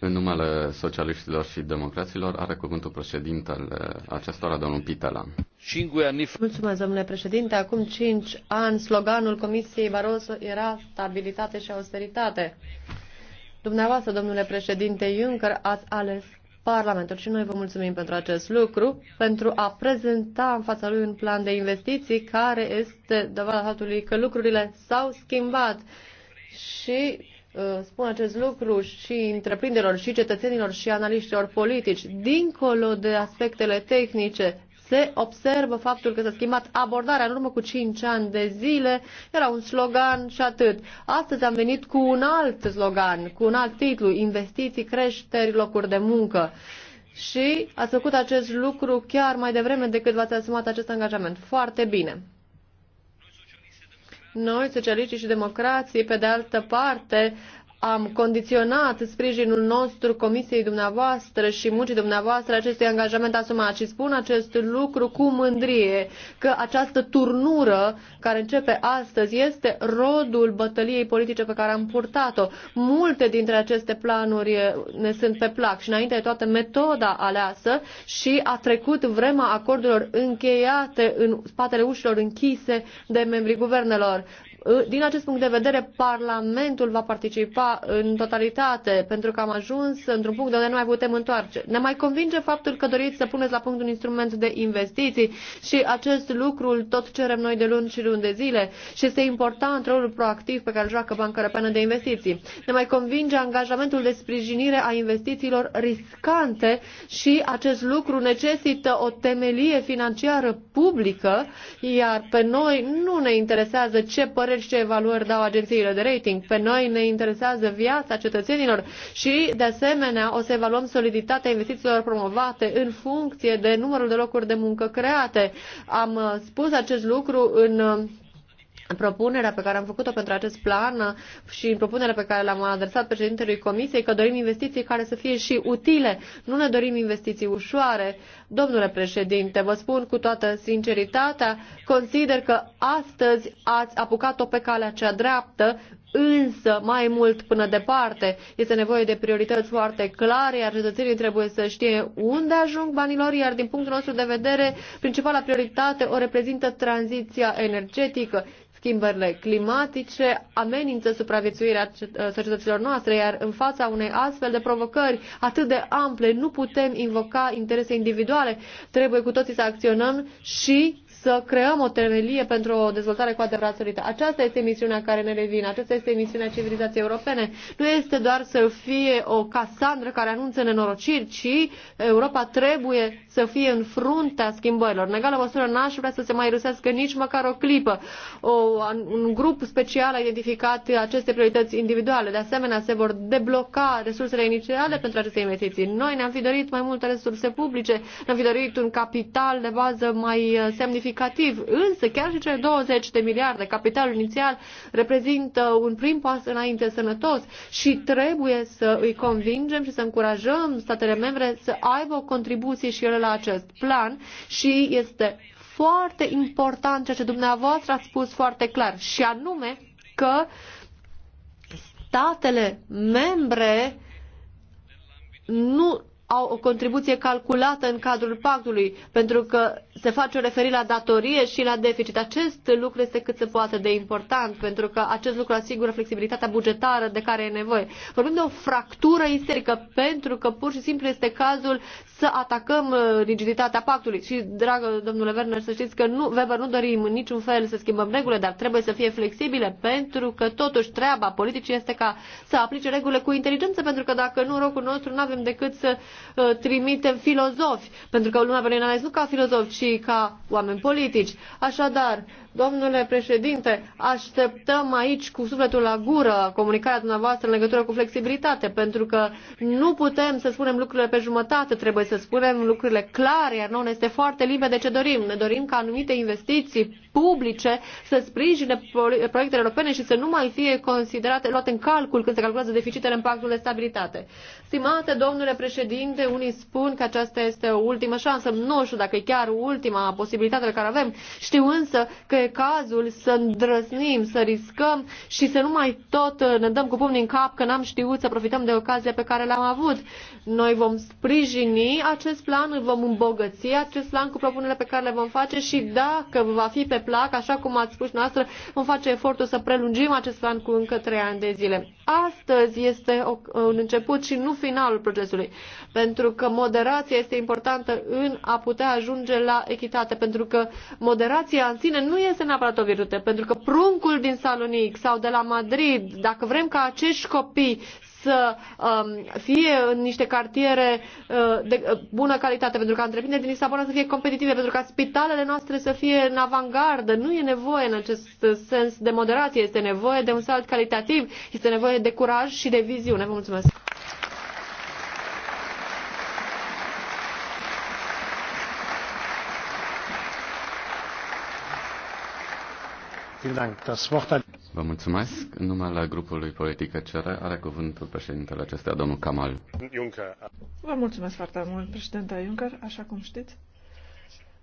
În numele socialiștilor și democraților are cuvântul președintele acestora, domnul Pitela. Mulțumesc, domnule președinte. Acum cinci ani, sloganul Comisiei Barroso era stabilitate și austeritate. Dumneavoastră, domnule președinte Juncker, ați ales Parlamentul și noi vă mulțumim pentru acest lucru, pentru a prezenta în fața lui un plan de investiții care este dovada faptului că lucrurile s-au schimbat și Uh, spun acest lucru și întreprinderilor, și cetățenilor, și analiștilor politici. Dincolo de aspectele tehnice, se observă faptul că s-a schimbat abordarea în urmă cu 5 ani de zile, era un slogan și atât. Astăzi am venit cu un alt slogan, cu un alt titlu, investiții, creșteri, locuri de muncă. Și ați făcut acest lucru chiar mai devreme decât v-ați asumat acest angajament. Foarte bine. Noi, socialiștii și democrații, pe de altă parte, am condiționat sprijinul nostru comisiei dumneavoastră și muncii dumneavoastră acestui angajament asumat și spun acest lucru cu mândrie că această turnură care începe astăzi este rodul bătăliei politice pe care am purtat-o. Multe dintre aceste planuri ne sunt pe plac și înainte de toată metoda aleasă și a trecut vremea acordurilor încheiate în spatele ușilor închise de membrii guvernelor. Din acest punct de vedere, Parlamentul va participa în totalitate, pentru că am ajuns într-un punct de unde nu mai putem întoarce. Ne mai convinge faptul că doriți să puneți la punct un instrument de investiții și acest lucru tot cerem noi de luni și luni de zile și este important rolul proactiv pe care îl joacă Banca Europeană de Investiții. Ne mai convinge angajamentul de sprijinire a investițiilor riscante și acest lucru necesită o temelie financiară publică, iar pe noi nu ne interesează ce părere păreri și ce evaluări dau agențiile de rating. Pe noi ne interesează viața cetățenilor și, de asemenea, o să evaluăm soliditatea investițiilor promovate în funcție de numărul de locuri de muncă create. Am uh, spus acest lucru în uh, propunerea pe care am făcut-o pentru acest plan și în propunerea pe care l-am adresat președintelui Comisiei că dorim investiții care să fie și utile. Nu ne dorim investiții ușoare. Domnule președinte, vă spun cu toată sinceritatea, consider că astăzi ați apucat-o pe calea cea dreaptă, însă mai mult până departe este nevoie de priorități foarte clare, iar cetățenii trebuie să știe unde ajung banilor, iar din punctul nostru de vedere, principala prioritate o reprezintă tranziția energetică Schimbările climatice amenință supraviețuirea uh, societăților noastre, iar în fața unei astfel de provocări atât de ample nu putem invoca interese individuale. Trebuie cu toții să acționăm și să creăm o temelie pentru o dezvoltare cu adevărat solidă. Aceasta este misiunea care ne revine, aceasta este misiunea civilizației europene. Nu este doar să fie o Casandră care anunță nenorociri, ci Europa trebuie să fie în fruntea schimbărilor. În egală măsură n-aș vrea să se mai rusească nici măcar o clipă. O, un grup special a identificat aceste priorități individuale. De asemenea, se vor debloca resursele inițiale pentru aceste investiții. Noi ne-am fi dorit mai multe resurse publice, ne-am fi dorit un capital de bază mai semnificativ semnificativ, însă chiar și cele 20 de miliarde, capitalul inițial, reprezintă un prim pas înainte sănătos și trebuie să îi convingem și să încurajăm statele membre să aibă o contribuție și ele la acest plan și este foarte important ceea ce dumneavoastră ați spus foarte clar și anume că statele membre nu au o contribuție calculată în cadrul pactului, pentru că se face o referire la datorie și la deficit. Acest lucru este cât se poate de important, pentru că acest lucru asigură flexibilitatea bugetară de care e nevoie. Vorbim de o fractură isterică, pentru că pur și simplu este cazul să atacăm uh, rigiditatea pactului. Și, dragă domnule Werner, să știți că nu, Weber, nu dorim în niciun fel să schimbăm regulile, dar trebuie să fie flexibile, pentru că totuși treaba politicii este ca să aplice regulile cu inteligență, pentru că dacă nu, în rocul nostru nu avem decât să Uh, trimitem filozofi, pentru că lumea pe a ales nu ca filozofi, ci ca oameni politici. Așadar, domnule președinte, așteptăm aici cu sufletul la gură comunicarea dumneavoastră în legătură cu flexibilitate, pentru că nu putem să spunem lucrurile pe jumătate, trebuie să spunem lucrurile clare, iar nouă ne este foarte limpede ce dorim. Ne dorim ca anumite investiții publice să sprijine proiectele europene și să nu mai fie considerate, luate în calcul când se calculează deficitele în pactul de stabilitate. Stimate domnule președinte, unii spun că aceasta este o ultimă șansă. Nu știu dacă e chiar ultima posibilitate pe care avem. Știu însă că e cazul să îndrăznim, să riscăm și să nu mai tot ne dăm cu pumnii în cap că n-am știut să profităm de ocazia pe care l-am avut. Noi vom sprijini acest plan, îl vom îmbogăți acest plan cu propunerile pe care le vom face și dacă va fi pe plac, așa cum ați spus noastră, vom face efortul să prelungim acest plan cu încă trei ani de zile. Astăzi este un început și nu finalul procesului, pentru că moderația este importantă în a putea ajunge la echitate, pentru că moderația în sine nu este neapărat o virtute, pentru că pruncul din Salonic sau de la Madrid, dacă vrem ca acești copii să um, fie în niște cartiere uh, de uh, bună calitate, pentru ca întreprinderile din Lisabona să fie competitive, pentru ca spitalele noastre să fie în avangardă. Nu e nevoie în acest sens de moderație, este nevoie de un salt calitativ, este nevoie de curaj și de viziune. Vă mulțumesc! Vă mulțumesc. În numele grupului politic CR are cuvântul președintele acestea, domnul Kamal. Juncker. Vă mulțumesc foarte mult, președinte Juncker. Așa cum știți,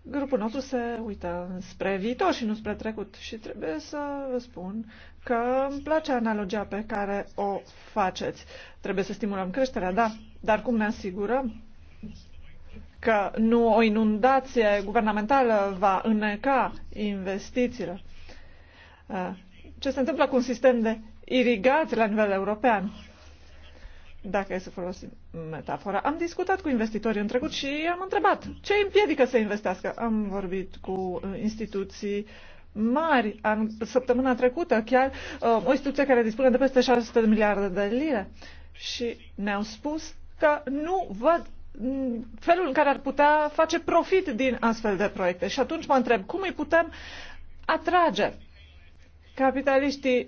grupul nostru se uită spre viitor și nu spre trecut. Și trebuie să vă spun că îmi place analogia pe care o faceți. Trebuie să stimulăm creșterea, da, dar cum ne asigurăm că nu o inundație guvernamentală va înneca investițiile? Ah, ce se întâmplă cu un sistem de irigați la nivel european. Dacă e să folosim metafora. Am discutat cu investitorii în trecut și am întrebat ce împiedică să investească. Am vorbit cu uh, instituții mari. an, săptămâna trecută chiar uh, o instituție care dispune de peste 600 de miliarde de lire și ne-au spus că nu văd mm, felul în care ar putea face profit din astfel de proiecte. Și atunci mă întreb cum îi putem atrage Capitaliștii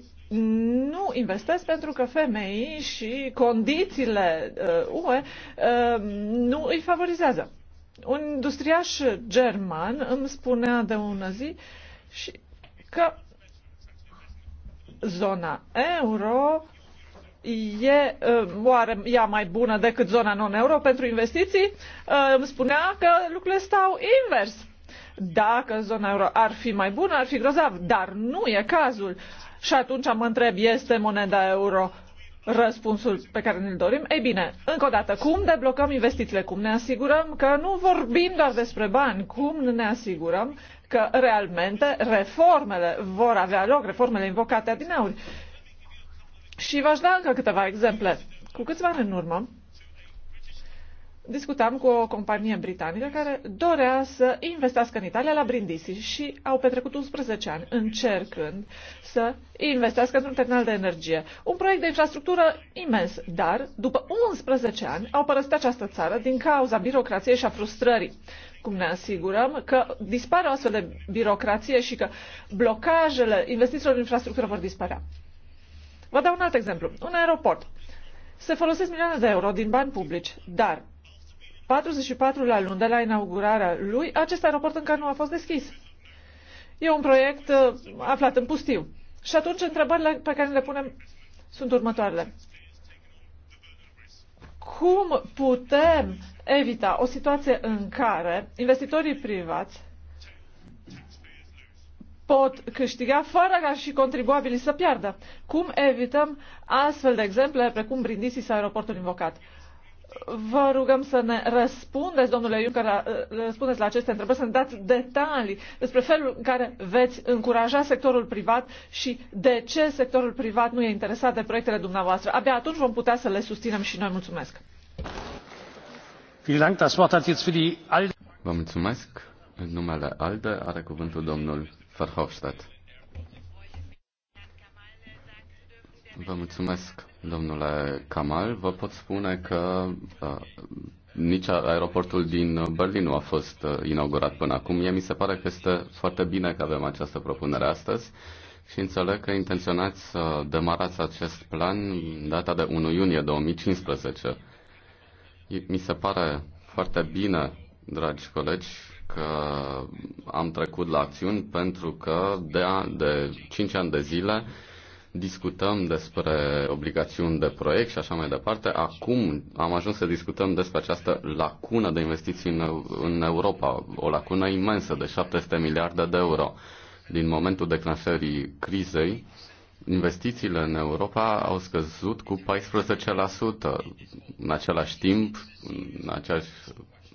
nu investesc pentru că femeii și condițiile uh, UE uh, nu îi favorizează. Un industriaș german îmi spunea de ună zi și că zona euro e uh, oare ea mai bună decât zona non-euro pentru investiții? Uh, îmi spunea că lucrurile stau invers dacă zona euro ar fi mai bună, ar fi grozav, dar nu e cazul. Și atunci mă întreb, este moneda euro răspunsul pe care ne-l dorim? Ei bine, încă o dată, cum deblocăm investițiile? Cum ne asigurăm că nu vorbim doar despre bani? Cum ne asigurăm că realmente reformele vor avea loc, reformele invocate adineauri? Și v-aș da încă câteva exemple. Cu câțiva ani în urmă, discutam cu o companie britanică care dorea să investească în Italia la Brindisi și au petrecut 11 ani încercând să investească într-un terminal de energie. Un proiect de infrastructură imens, dar după 11 ani au părăsit această țară din cauza birocrației și a frustrării. Cum ne asigurăm că dispare o astfel de birocrație și că blocajele investițiilor în infrastructură vor dispărea. Vă dau un alt exemplu. Un aeroport. Se folosesc milioane de euro din bani publici, dar 44 la luni de la inaugurarea lui, acest aeroport încă nu a fost deschis. E un proiect uh, aflat în pustiu. Și atunci întrebările pe care le punem sunt următoarele. Cum putem evita o situație în care investitorii privați pot câștiga fără ca și contribuabilii să piardă? Cum evităm astfel de exemple precum brindisi sau aeroportul invocat? Vă rugăm să ne răspundeți, domnule Juncker, la, uh, răspundeți la aceste întrebări, să ne dați detalii despre felul în care veți încuraja sectorul privat și de ce sectorul privat nu e interesat de proiectele dumneavoastră. Abia atunci vom putea să le susținem și noi. Mulțumesc! Vă mulțumesc. În numele ALDE are cuvântul domnul Verhofstadt. Vă mulțumesc, Domnule Kamal, vă pot spune că uh, nici aeroportul din Berlin nu a fost uh, inaugurat până acum. Mie mi se pare că este foarte bine că avem această propunere astăzi și înțeleg că intenționați să demarați acest plan data de 1 iunie 2015. Mi se pare foarte bine, dragi colegi, că am trecut la acțiuni pentru că de, de 5 ani de zile discutăm despre obligațiuni de proiect și așa mai departe. Acum am ajuns să discutăm despre această lacună de investiții în, în Europa, o lacună imensă de 700 miliarde de euro. Din momentul declanșării crizei, investițiile în Europa au scăzut cu 14%. În același timp, în aceeași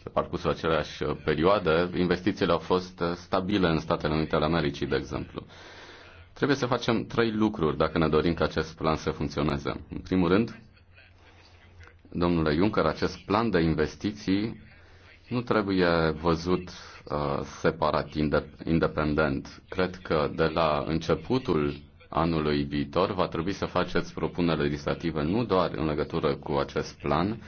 pe parcursul aceleași perioade, investițiile au fost stabile în Statele Unite ale Americii, de exemplu. Trebuie să facem trei lucruri dacă ne dorim ca acest plan să funcționeze. În primul rând, domnule Juncker, acest plan de investiții nu trebuie văzut uh, separat, independent. Cred că de la începutul anului viitor va trebui să faceți propunere legislative nu doar în legătură cu acest plan,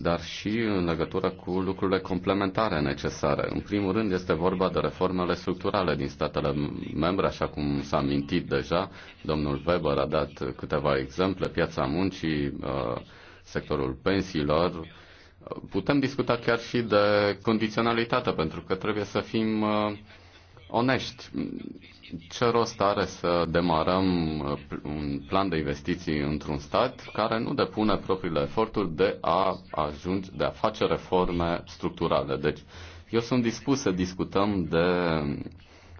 dar și în legătură cu lucrurile complementare necesare. În primul rând este vorba de reformele structurale din statele membre, așa cum s-a amintit deja. Domnul Weber a dat câteva exemple, piața muncii, uh, sectorul pensiilor. Putem discuta chiar și de condiționalitate, pentru că trebuie să fim uh, onești ce rost are să demarăm uh, un plan de investiții într-un stat care nu depune propriile eforturi de a ajunge, de a face reforme structurale? Deci, eu sunt dispus să discutăm de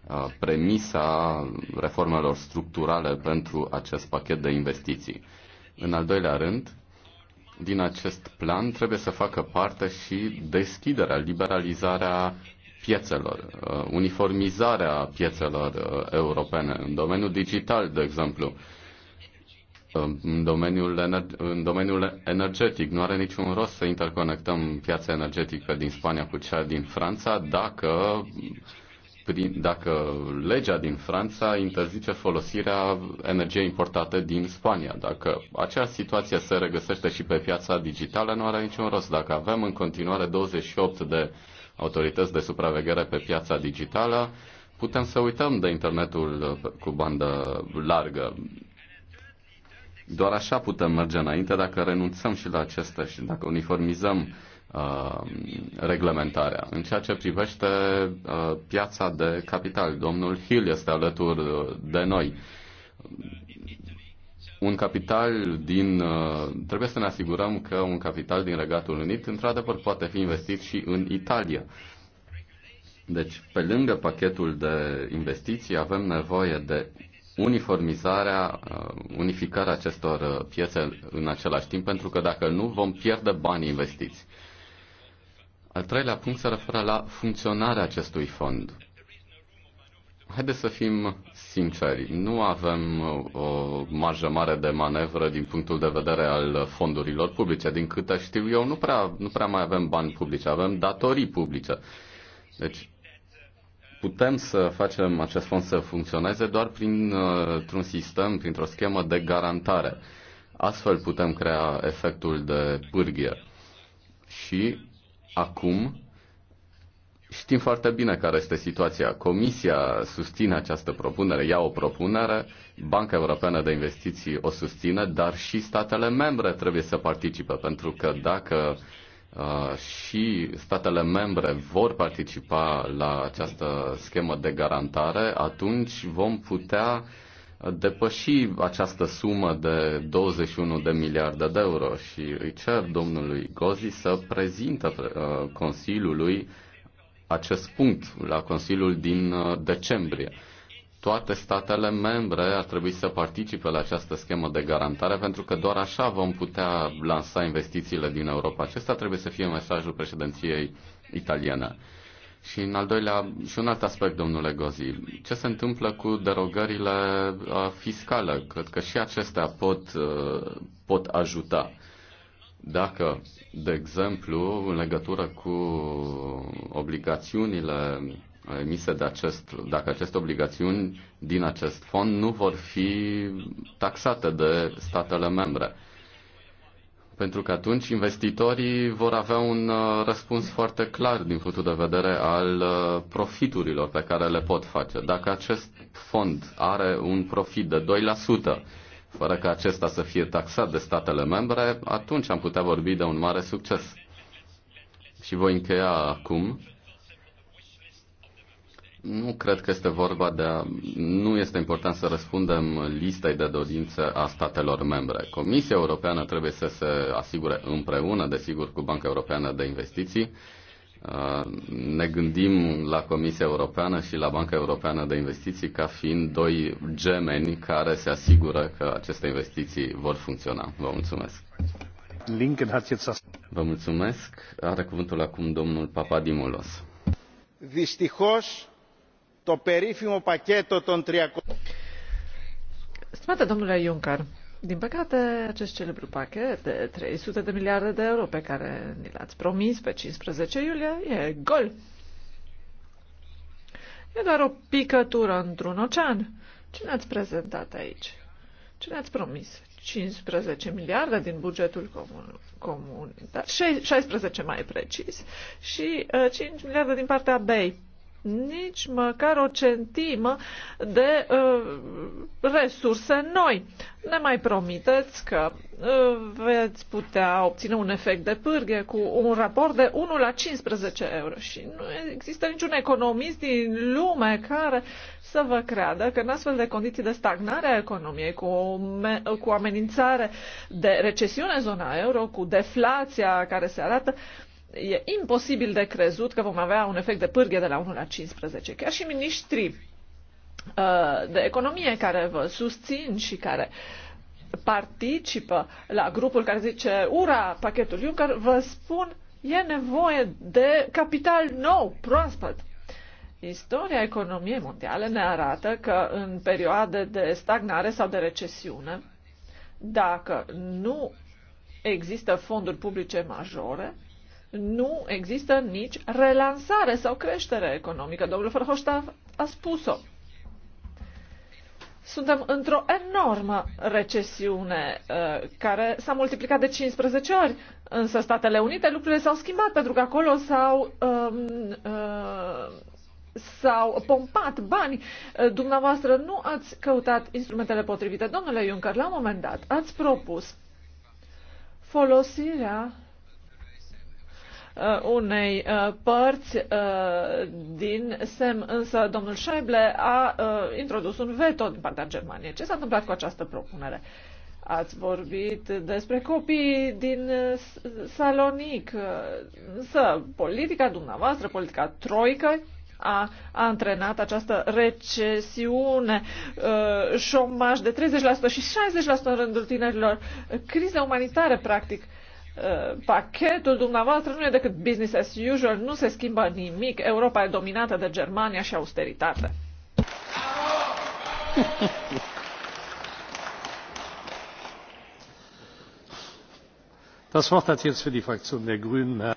uh, premisa reformelor structurale pentru acest pachet de investiții. În al doilea rând, din acest plan trebuie să facă parte și deschiderea, liberalizarea piețelor, uh, uniformizarea piețelor uh, europene în domeniul digital, de exemplu, uh, în domeniul, ener- în domeniul energetic. Nu are niciun rost să interconectăm piața energetică din Spania cu cea din Franța dacă, prin, dacă legea din Franța interzice folosirea energiei importate din Spania. Dacă acea situație se regăsește și pe piața digitală, nu are niciun rost. Dacă avem în continuare 28 de autorități de supraveghere pe piața digitală, putem să uităm de internetul cu bandă largă. Doar așa putem merge înainte dacă renunțăm și la acestea și dacă uniformizăm uh, reglementarea. În ceea ce privește uh, piața de capital, domnul Hill este alături de noi un capital din. Uh, trebuie să ne asigurăm că un capital din Regatul Unit, într-adevăr, poate fi investit și în Italia. Deci, pe lângă pachetul de investiții, avem nevoie de uniformizarea, uh, unificarea acestor uh, piețe în același timp, pentru că dacă nu, vom pierde bani investiți. Al treilea punct se referă la funcționarea acestui fond Haideți să fim sinceri, nu avem uh, o marjă mare de manevră din punctul de vedere al fondurilor publice. Din câte știu eu, nu prea, nu prea mai avem bani publici. avem datorii publice. Deci putem să facem acest fond să funcționeze doar printr-un uh, sistem, printr-o schemă de garantare. Astfel putem crea efectul de pârghie. Și acum Știm foarte bine care este situația. Comisia susține această propunere, ia o propunere, Banca Europeană de Investiții o susține, dar și statele membre trebuie să participe, pentru că dacă uh, și statele membre vor participa la această schemă de garantare, atunci vom putea depăși această sumă de 21 de miliarde de euro și îi cer domnului Gozi să prezintă uh, Consiliului acest punct la Consiliul din uh, decembrie. Toate statele membre ar trebui să participe la această schemă de garantare pentru că doar așa vom putea lansa investițiile din Europa. Acesta trebuie să fie mesajul președinției italiene. Și în al doilea, și un alt aspect, domnule Gozi, ce se întâmplă cu derogările uh, fiscale? Cred că și acestea pot, uh, pot ajuta. Dacă de exemplu, în legătură cu obligațiunile emise de acest, dacă aceste obligațiuni din acest fond nu vor fi taxate de statele membre. Pentru că atunci investitorii vor avea un uh, răspuns foarte clar din punctul de vedere al uh, profiturilor pe care le pot face. Dacă acest fond are un profit de fără ca acesta să fie taxat de statele membre, atunci am putea vorbi de un mare succes. Și voi încheia acum. Nu cred că este vorba de a... Nu este important să răspundem listei de dorințe a statelor membre. Comisia Europeană trebuie să se asigure împreună, desigur, cu Banca Europeană de Investiții, ne gândim la Comisia Europeană și la Banca Europeană de Investiții ca fiind doi gemeni care se asigură că aceste investiții vor funcționa. Vă mulțumesc. Vă mulțumesc. Are cuvântul acum domnul Papadimulos. Vistihos, to perifimo πακέτο ton 300... Stimate domnule Juncker, din păcate, acest celebru pachet de 300 de miliarde de euro pe care ni l-ați promis pe 15 iulie e gol. E doar o picătură într-un ocean. Ce ne-ați prezentat aici? Ce ne-ați promis? 15 miliarde din bugetul comun, comun dar 16 mai precis, și 5 uh, miliarde din partea BEI nici măcar o centimă de uh, resurse noi. Ne mai promiteți că uh, veți putea obține un efect de pârghe cu un raport de 1 la 15 euro și nu există niciun economist din lume care să vă creadă că în astfel de condiții de stagnare a economiei, cu, o, cu amenințare de recesiune în zona euro, cu deflația care se arată, uh, e imposibil de crezut că vom avea un efect de pârghie de la 1 la 15. Chiar și miniștrii uh, de economie care vă susțin și care participă la grupul care zice ura pachetul Juncker, vă spun e nevoie de capital nou, proaspăt. Istoria economiei mondiale ne arată că în perioade de stagnare sau de recesiune, dacă nu există fonduri publice majore, nu există nici relansare sau creștere economică. Domnul Verhofstadt a spus-o. Suntem într-o enormă recesiune uh, care s-a multiplicat de 15 ori, însă Statele Unite lucrurile s-au schimbat pentru că acolo s-au um, uh, s-au pompat bani. Uh, dumneavoastră nu ați căutat instrumentele potrivite. Domnule Juncker, la un moment dat ați propus folosirea Uh, unei uh, părți uh, din SEM, însă domnul Schäuble a introdus un veto din partea Germaniei. Ce s-a întâmplat cu această propunere? Ați vorbit despre copii din Salonic, însă politica dumneavoastră, politica troică, a antrenat această recesiune, șomaj de 30% și 60% în rândul tinerilor, crize umanitare, practic. Uh, pachetul dumneavoastră nu e decât business as usual, nu se schimbă nimic. Europa e dominată de Germania și austeritate. Das Wort hat jetzt für die Fraktion der Grünen Herr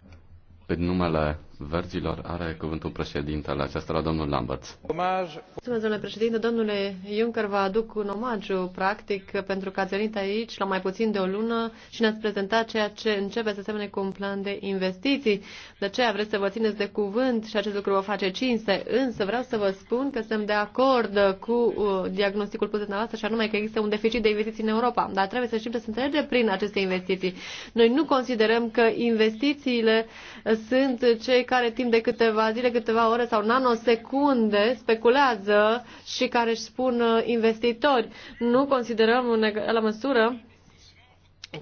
verzilor are cuvântul președintele acestora, domnul Lambert. Mulțumesc, domnule președinte. Domnule Juncker, vă aduc un omagiu, practic, pentru că ați venit aici la mai puțin de o lună și ne-ați prezentat ceea ce începe să semne cu un plan de investiții. De aceea vreți să vă țineți de cuvânt și acest lucru vă face cinste. Însă vreau să vă spun că suntem de acord cu uh, diagnosticul pus de dumneavoastră și anume că există un deficit de investiții în Europa. Dar trebuie să știm să se înțelege prin aceste investiții. Noi nu considerăm că investițiile sunt cei care timp de câteva zile, câteva ore sau nanosecunde speculează și care își spun uh, investitori. Nu considerăm la măsură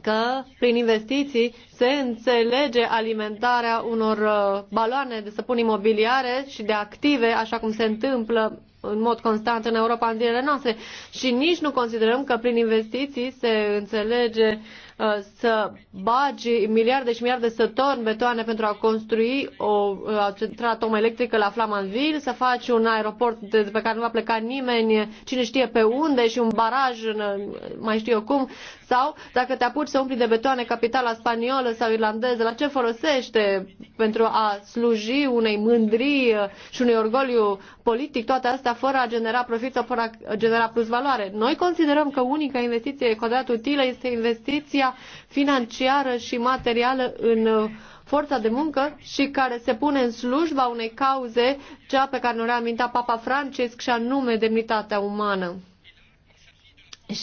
că prin investiții se înțelege alimentarea unor uh, baloane de săpun imobiliare și de active, așa cum se întâmplă în mod constant în Europa în zilele noastre. Și nici nu considerăm că prin investiții se înțelege uh, Uh, să bagi miliarde și miliarde să torni betoane pentru a construi o uh, centrală atomoelectrică la Flamanville, să faci un aeroport de pe care nu va pleca nimeni, cine știe pe unde și un baraj, în, uh, mai știu eu cum, sau dacă te apuci să umpli de betoane capitala spaniolă sau irlandeză, la ce folosește pentru a sluji unei mândrii și unui orgoliu politic, toate astea fără a genera profit sau fără a genera plus valoare. Noi considerăm că unica investiție adevărat utilă este investiția financiară și materială în uh, forța de muncă și care se pune în slujba unei cauze, cea pe care ne-o reaminta Papa francesc și anume demnitatea umană.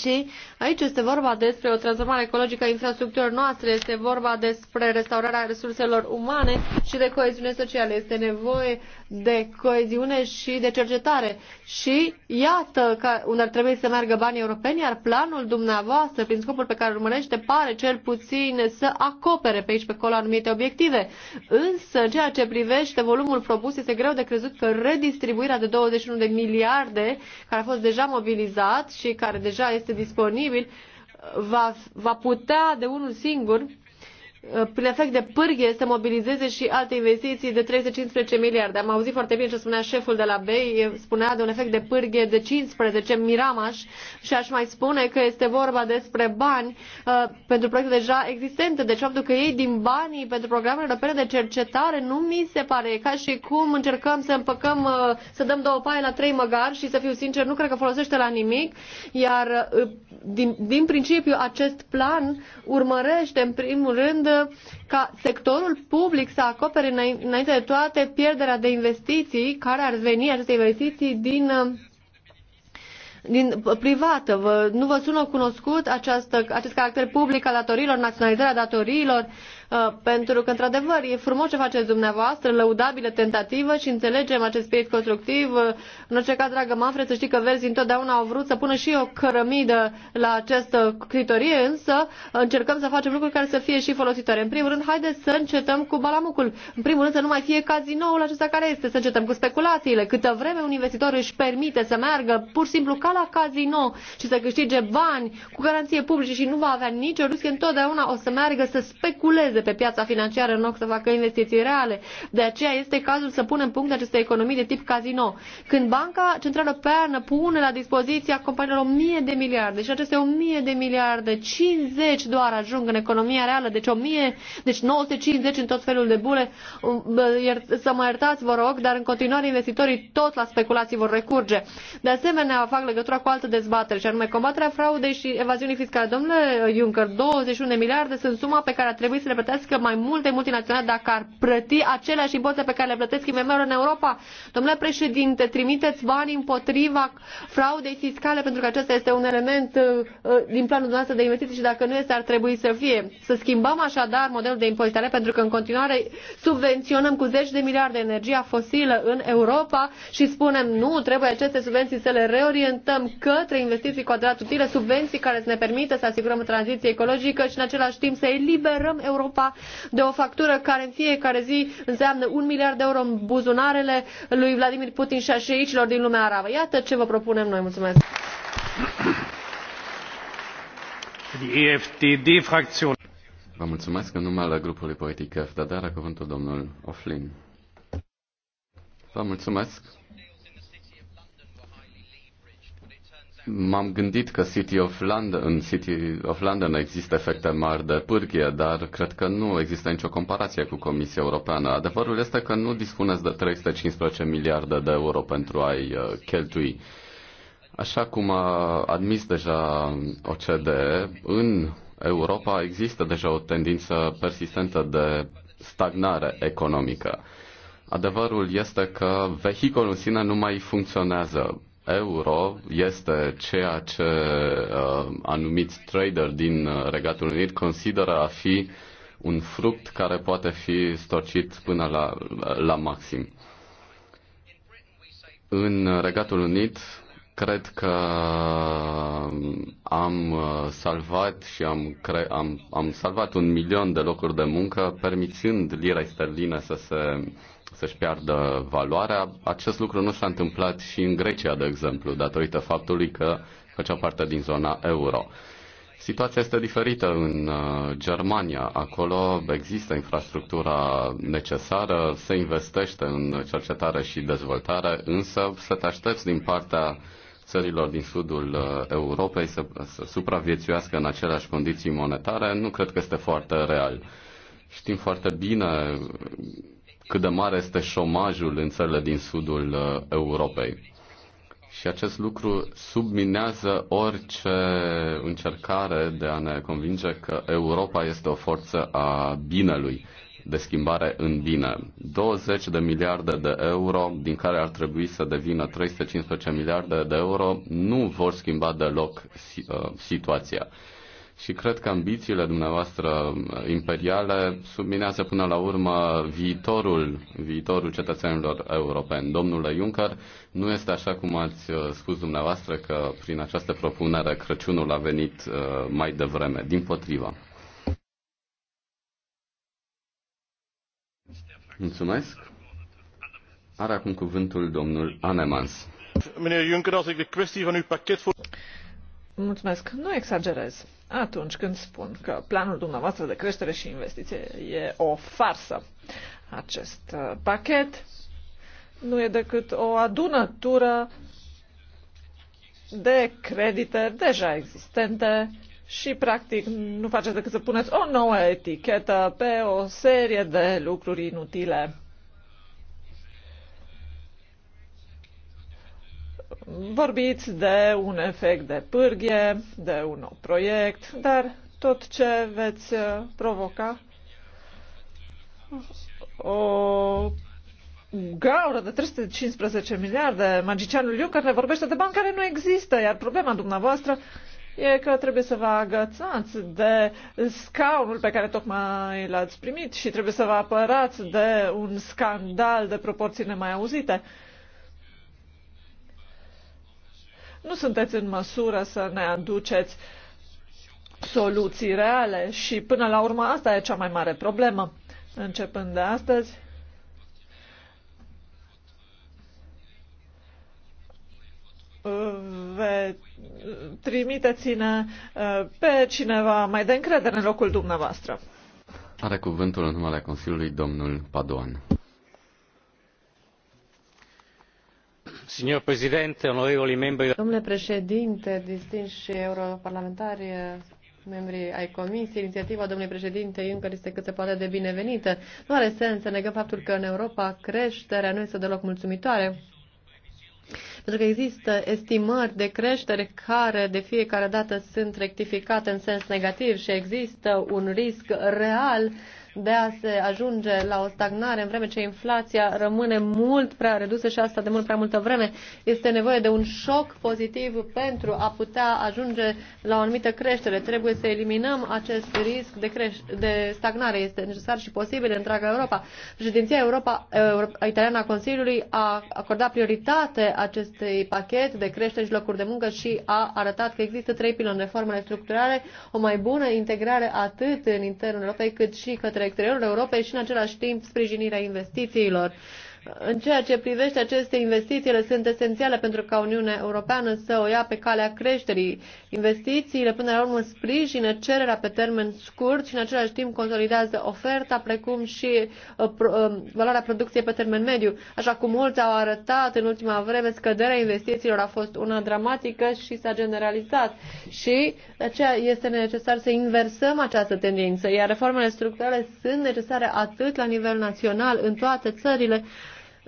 Și Aici este vorba despre o transformare ecologică a infrastructurilor noastre, este vorba despre restaurarea resurselor umane și de coeziune socială. Este nevoie de coeziune și de cercetare. Și iată că unde ar trebui să meargă banii europeni, iar planul dumneavoastră, prin scopul pe care îl urmărește, pare cel puțin să acopere pe aici pe acolo anumite obiective. Însă, în ceea ce privește volumul propus, este greu de crezut că redistribuirea de 21 de miliarde, care a fost deja mobilizat și care deja este disponibil, disponibil va, va putea de unul singur uh, prin efect de pârghie să mobilizeze și alte investiții de 315 miliarde. Am auzit foarte bine ce spunea șeful de la BEI, spunea de un efect de pârghie de 15 miramaș și aș mai spune că este vorba despre bani uh, pentru proiecte deja existente. Deci faptul că ei din banii pentru programele europene de cercetare nu mi se pare ca și cum încercăm să împăcăm, uh, să dăm două paie la trei măgari și să fiu sincer, nu cred că folosește la nimic, iar uh, din, din principiu, acest plan urmărește, în primul rând, ca sectorul public să acopere înainte de toate pierderea de investiții care ar veni, aceste investiții, din din privată. Vă, nu vă sună cunoscut această, acest caracter public al datoriilor, naționalizarea datoriilor? Uh, pentru că, într-adevăr, e frumos ce faceți dumneavoastră, lăudabilă tentativă și înțelegem acest spirit constructiv. Uh, în orice caz, dragă Manfred, să știi că verzi întotdeauna au vrut să pună și o cărămidă la această critorie, însă încercăm să facem lucruri care să fie și folositoare. În primul rând, haideți să încetăm cu balamucul. În primul rând, să nu mai fie cazinoul acesta care este, să încetăm cu speculațiile. Câtă vreme un investitor își permite să meargă pur și simplu ca la cazino și să câștige bani cu garanție publice și nu va avea nicio risc, întotdeauna o să meargă să speculeze de pe piața financiară în loc să facă investiții reale. De aceea este cazul să punem punct aceste economii de tip casino. Când Banca Centrală Europeană pune la dispoziția companiilor 1000 de miliarde și aceste 1000 de miliarde, 50 doar ajung în economia reală, deci 1000, deci 950 în tot felul de bule, um, să mă iertați, vă rog, dar în continuare investitorii tot la speculații vor recurge. De asemenea, fac legătura cu altă dezbatere, și anume combaterea fraudei și evaziunii fiscale. Domnule Juncker, 21 de miliarde sunt suma pe care a trebuit să le plătească mai multe multinaționale dacă ar plăti aceleași impozite pe care le plătesc IMM-urile în Europa. Domnule președinte, trimiteți bani împotriva fraudei fiscale pentru că acesta este un element uh, uh, din planul dumneavoastră de investiții și dacă nu este, ar trebui să fie. Să schimbăm așadar modelul de impozitare pentru că în continuare subvenționăm cu zeci de miliarde energia fosilă în Europa și spunem nu, trebuie aceste subvenții să le reorientăm către investiții cu adevărat utile, subvenții care să ne permită să asigurăm o tranziție ecologică și în același timp să eliberăm Europa. Europa de o factură care în fiecare zi înseamnă un miliard de euro în buzunarele lui Vladimir Putin și a șeicilor din lumea arabă. Iată ce vă propunem noi. Mulțumesc! Vă mulțumesc în numele grupului politic FDD, are cuvântul domnul Oflin. Vă mulțumesc. M-am gândit că City of London, în City of London există efecte mari de pârghie, dar cred că nu există nicio comparație cu Comisia Europeană. Adevărul este că nu dispuneți de 315 miliarde de euro pentru a-i uh, cheltui. Așa cum a admis deja OCDE, în Europa există deja o tendință persistentă de stagnare economică. Adevărul este că vehiculul în sine nu mai funcționează euro este ceea ce uh, anumiți trader din uh, Regatul Unit consideră a fi un fruct care poate fi stocit până la, la maxim. În Regatul Unit cred că am uh, salvat și am, cre- am, am salvat un milion de locuri de muncă permițând lirei sterline să se să-și piardă valoarea. Acest lucru nu s-a întâmplat și în Grecia, de exemplu, datorită faptului că făcea parte din zona euro. Situația este diferită în uh, Germania. Acolo există infrastructura necesară, se investește în cercetare și dezvoltare, însă să te aștepți din partea țărilor din sudul uh, Europei să, să supraviețuiască în aceleași condiții monetare, nu cred că este foarte real. Știm foarte bine cât de mare este șomajul în țările din sudul uh, Europei. Și acest lucru subminează orice încercare de a ne convinge că Europa este o forță a binelui, de schimbare în bine. 20 de miliarde de euro, din care ar trebui să devină 315 miliarde de euro, nu vor schimba deloc uh, situația și cred că ambițiile dumneavoastră uh, imperiale subminează până la urmă viitorul, viitorul cetățenilor europeni. Domnule Juncker, nu este așa cum ați uh, spus dumneavoastră că prin această propunere Crăciunul a venit uh, mai devreme, din potriva. Mulțumesc. Are acum cuvântul domnul Anemans. de Mulțumesc. Nu exagerez atunci când spun că planul dumneavoastră de creștere și investiție e o farsă. Acest uh, pachet nu e decât o adunătură de credite deja existente și, practic, nu faceți decât să puneți o nouă etichetă pe o serie de lucruri inutile Vorbiți de un efect de pârghie, de un nou proiect, dar tot ce veți uh, provoca o gaură de 315 miliarde. Magicianul Juncker ne vorbește de bani care nu există, iar problema dumneavoastră e că trebuie să vă agățați de scaunul pe care tocmai l-ați primit și trebuie să vă apărați de un scandal de proporții nemai auzite. nu sunteți în măsură să ne aduceți soluții reale și până la urmă asta e cea mai mare problemă. Începând de astăzi, trimiteți-ne uh, pe cineva mai de încredere în locul dumneavoastră. Are cuvântul în numele Consiliului domnul Padoan. Domnule președinte, distinși europarlamentari, membri ai comisiei, inițiativa domnului președinte Juncker este cât se poate de binevenită. Nu are sens să negăm faptul că în Europa creșterea nu este deloc mulțumitoare. Pentru că există estimări de creștere care de fiecare dată sunt rectificate în sens negativ și există un risc real de a se ajunge la o stagnare în vreme ce inflația rămâne mult prea redusă și asta de mult prea multă vreme. Este nevoie de un șoc pozitiv pentru a putea ajunge la o anumită creștere. Trebuie să eliminăm acest risc de, creș- de stagnare. Este necesar și posibil în întreaga Europa. Președinția Europa, Europa, italiană a Consiliului a acordat prioritate acestui pachet de creștere și locuri de muncă și a arătat că există trei piloni reformele structurale, o mai bună integrare atât în internul Europei cât și către exteriorul Europei și în același timp sprijinirea investițiilor. În ceea ce privește aceste investiții, ele sunt esențiale pentru ca Uniunea Europeană să o ia pe calea creșterii. Investițiile, până la urmă, sprijină cererea pe termen scurt și, în același timp, consolidează oferta, precum și uh, uh, valoarea producției pe termen mediu. Așa cum mulți au arătat în ultima vreme, scăderea investițiilor a fost una dramatică și s-a generalizat. Și de aceea este necesar să inversăm această tendință, iar reformele structurale sunt necesare atât la nivel național, în toate țările,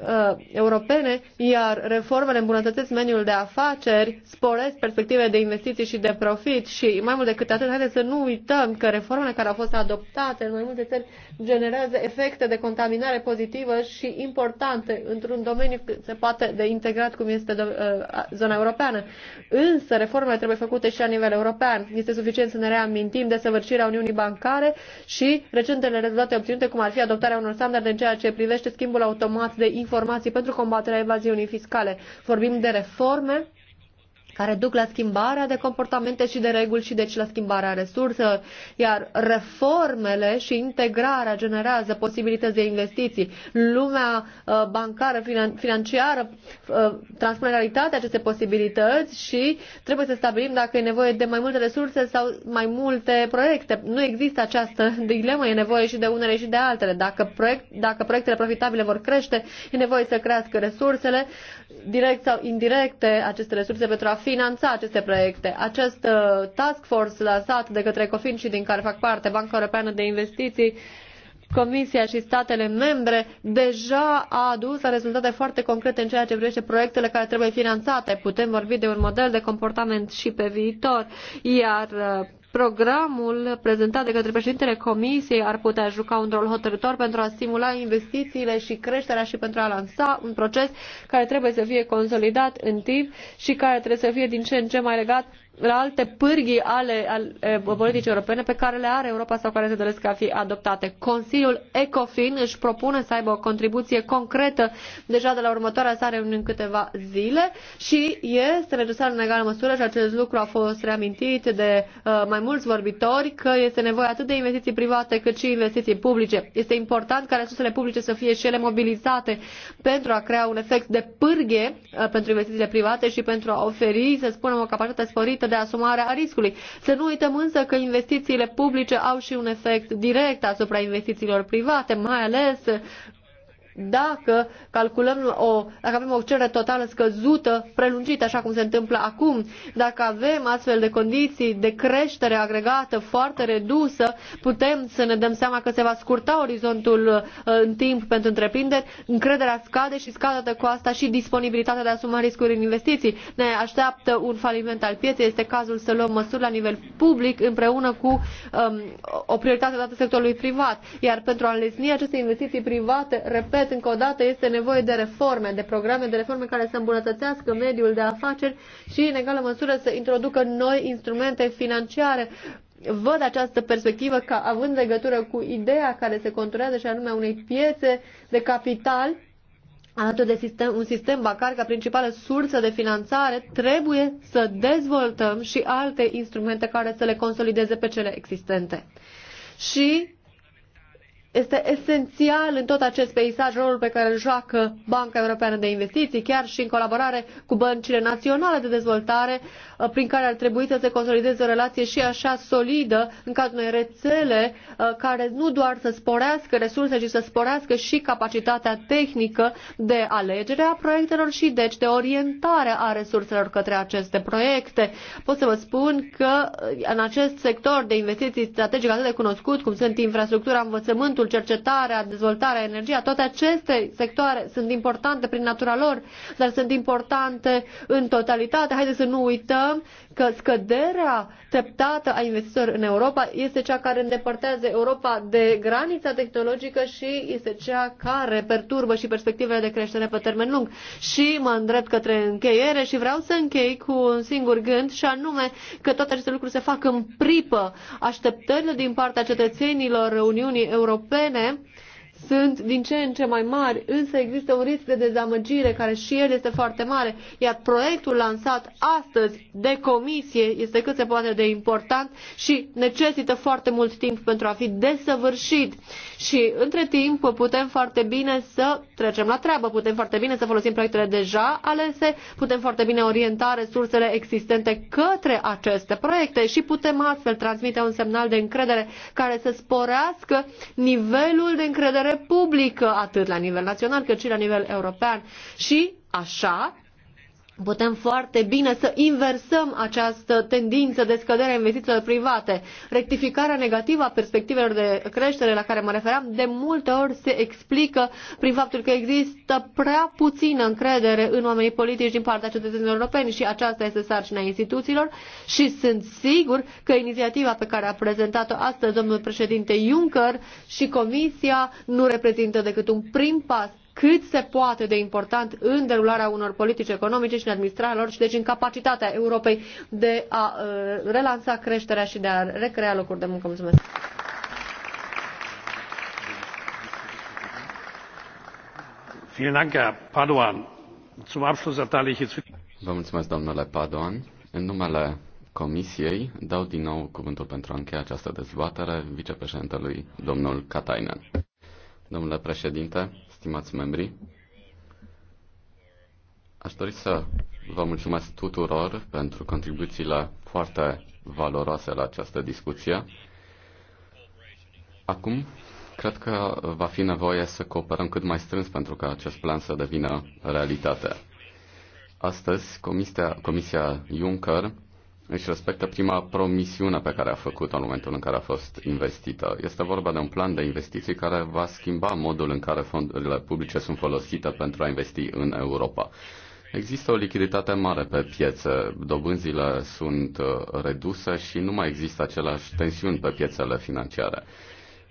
Uh, europene, iar reformele îmbunătățesc meniul de afaceri, sporesc perspective de investiții și de profit și mai mult decât atât, haideți să nu uităm că reformele care au fost adoptate în mai multe țări generează efecte de contaminare pozitivă și importante într-un domeniu cât se poate de integrat cum este uh, zona europeană. Însă reformele trebuie făcute și la nivel european. Este suficient să ne reamintim de săvârșirea Uniunii Bancare și recentele rezultate obținute, cum ar fi adoptarea unor standarde în ceea ce privește schimbul automat de informații informații pentru combaterea evaziunii fiscale. Vorbim de reforme care duc la schimbarea de comportamente și de reguli și deci la schimbarea resurselor, iar reformele și integrarea generează posibilități de investiții. Lumea uh, bancară, financiară uh, transpune realitatea aceste posibilități și trebuie să stabilim dacă e nevoie de mai multe resurse sau mai multe proiecte. Nu există această dilemă, e nevoie și de unele și de altele. Dacă, proiect, dacă proiectele profitabile vor crește, e nevoie să crească resursele, direct sau indirecte aceste resurse pentru a finanța aceste proiecte. Acest uh, task force lansat de către COFIN și din care fac parte Banca Europeană de Investiții Comisia și statele membre deja a adus la rezultate foarte concrete în ceea ce privește proiectele care trebuie finanțate. Putem vorbi de un model de comportament și pe viitor, iar uh, programul prezentat de către președintele Comisiei ar putea juca un rol hotărător pentru a stimula investițiile și creșterea și pentru a lansa un proces care trebuie să fie consolidat în timp și care trebuie să fie din ce în ce mai legat la alte pârghii ale, ale eh, politicii europene pe care le are Europa sau care se doresc a fi adoptate. Consiliul ECOFIN își propune să aibă o contribuție concretă deja de la următoarea sa reuniune în câteva zile și este necesar în egală măsură și acest lucru a fost reamintit de uh, mai mulți vorbitori că este nevoie atât de investiții private cât și investiții publice. Este important ca resursele publice să fie și ele mobilizate pentru a crea un efect de pârghie uh, pentru investițiile private și pentru a oferi, să spunem, o capacitate sporită de asumare a riscului. Să nu uităm însă că investițiile publice au și un efect direct asupra investițiilor private, mai ales dacă calculăm o, dacă avem o cerere totală scăzută, prelungită, așa cum se întâmplă acum, dacă avem astfel de condiții de creștere agregată foarte redusă, putem să ne dăm seama că se va scurta orizontul uh, în timp pentru întreprinderi, încrederea scade și scade cu asta și disponibilitatea de a asuma riscuri în investiții. Ne așteaptă un faliment al pieței, este cazul să luăm măsuri la nivel public împreună cu um, o prioritate dată sectorului privat. Iar pentru a înlesni aceste investiții private, repet, subliniez încă o dată, este nevoie de reforme, de programe de reforme care să îmbunătățească mediul de afaceri și, în egală măsură, să introducă noi instrumente financiare văd această perspectivă ca având legătură cu ideea care se conturează și anume unei piețe de capital alături de sistem, un sistem bancar ca principală sursă de finanțare, trebuie să dezvoltăm și alte instrumente care să le consolideze pe cele existente. Și este esențial în tot acest peisaj rolul pe care îl joacă Banca Europeană de Investiții, chiar și în colaborare cu băncile naționale de dezvoltare, Uh, prin care ar trebui să se consolideze o relație și așa solidă în cadrul unei rețele uh, care nu doar să sporească resurse, ci să sporească și capacitatea tehnică de alegere a proiectelor și deci de orientare a resurselor către aceste proiecte. Pot să vă spun că uh, în acest sector de investiții strategice atât de cunoscut, cum sunt infrastructura, învățământul, cercetarea, dezvoltarea, energia, toate aceste sectoare sunt importante prin natura lor, dar sunt importante în totalitate. Haideți să nu uităm constatăm că scăderea treptată a investițiilor în Europa este cea care îndepărtează Europa de granița tehnologică și este cea care perturbă și perspectivele de creștere pe termen lung. Și mă îndrept către încheiere și vreau să închei cu un singur gând și anume că toate aceste lucruri se fac în pripă. Așteptările din partea cetățenilor Uniunii Europene sunt din ce în ce mai mari, însă există un risc de dezamăgire care și el este foarte mare, iar proiectul lansat astăzi de comisie este cât se poate de important și necesită foarte mult timp pentru a fi desăvârșit. Și între timp putem foarte bine să trecem la treabă, putem foarte bine să folosim proiectele deja alese, putem foarte bine orienta resursele existente către aceste proiecte și putem astfel transmite un semnal de încredere care să sporească nivelul de încredere republică, atât la nivel național cât și la nivel european. Și așa Putem foarte bine să inversăm această tendință de scădere a investițiilor private. Rectificarea negativă a perspectivelor de creștere la care mă refeream de multe ori se explică prin faptul că există prea puțină încredere în oamenii politici din partea cetățenilor europeni și aceasta este sarcina instituțiilor și sunt sigur că inițiativa pe care a prezentat-o astăzi domnul președinte Juncker și Comisia nu reprezintă decât un prim pas cât se poate de important în derularea unor politici economice și în administrarea lor și deci în capacitatea Europei de a uh, relansa creșterea și de a recrea locuri de muncă. Mulțumesc! Vă mulțumesc, domnule Padoan. În numele Comisiei dau din nou cuvântul pentru a încheia această dezbatere vicepreședintelui domnul Katainen. Domnule președinte, stimați membri. Aș dori să vă mulțumesc tuturor pentru contribuțiile foarte valoroase la această discuție. Acum, cred că va fi nevoie să cooperăm cât mai strâns pentru ca acest plan să devină realitate. Astăzi, Comisia, Comisia Juncker își respectă prima promisiune pe care a făcut-o în momentul în care a fost investită. Este vorba de un plan de investiții care va schimba modul în care fondurile publice sunt folosite pentru a investi în Europa. Există o lichiditate mare pe piețe, dobânzile sunt uh, reduse și nu mai există aceleași tensiuni pe piețele financiare.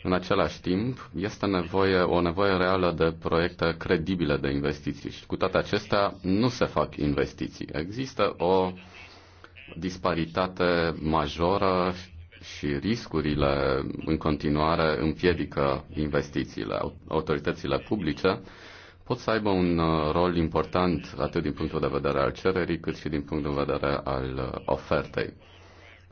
În același timp, este nevoie, o nevoie reală de proiecte credibile de investiții și cu toate acestea nu se fac investiții. Există o disparitate majoră și riscurile în continuare împiedică investițiile. Autoritățile publice pot să aibă un uh, rol important atât din punctul de vedere al cererii cât și din punctul de vedere al uh, ofertei.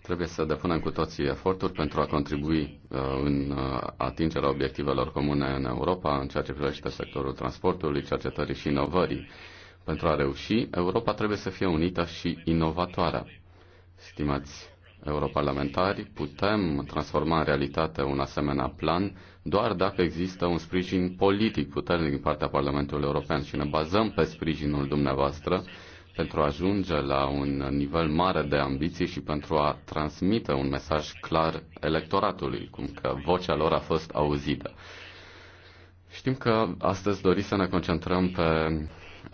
Trebuie să depunem cu toții eforturi pentru a contribui uh, în atingerea obiectivelor comune în Europa în ceea ce privește sectorul transportului, cercetării și inovării. Pentru a reuși, Europa trebuie să fie unită și inovatoare stimați europarlamentari, putem transforma în realitate un asemenea plan doar dacă există un sprijin politic puternic din partea Parlamentului European și ne bazăm pe sprijinul dumneavoastră pentru a ajunge la un nivel mare de ambiții și pentru a transmite un mesaj clar electoratului, cum că vocea lor a fost auzită. Știm că astăzi doriți să ne concentrăm pe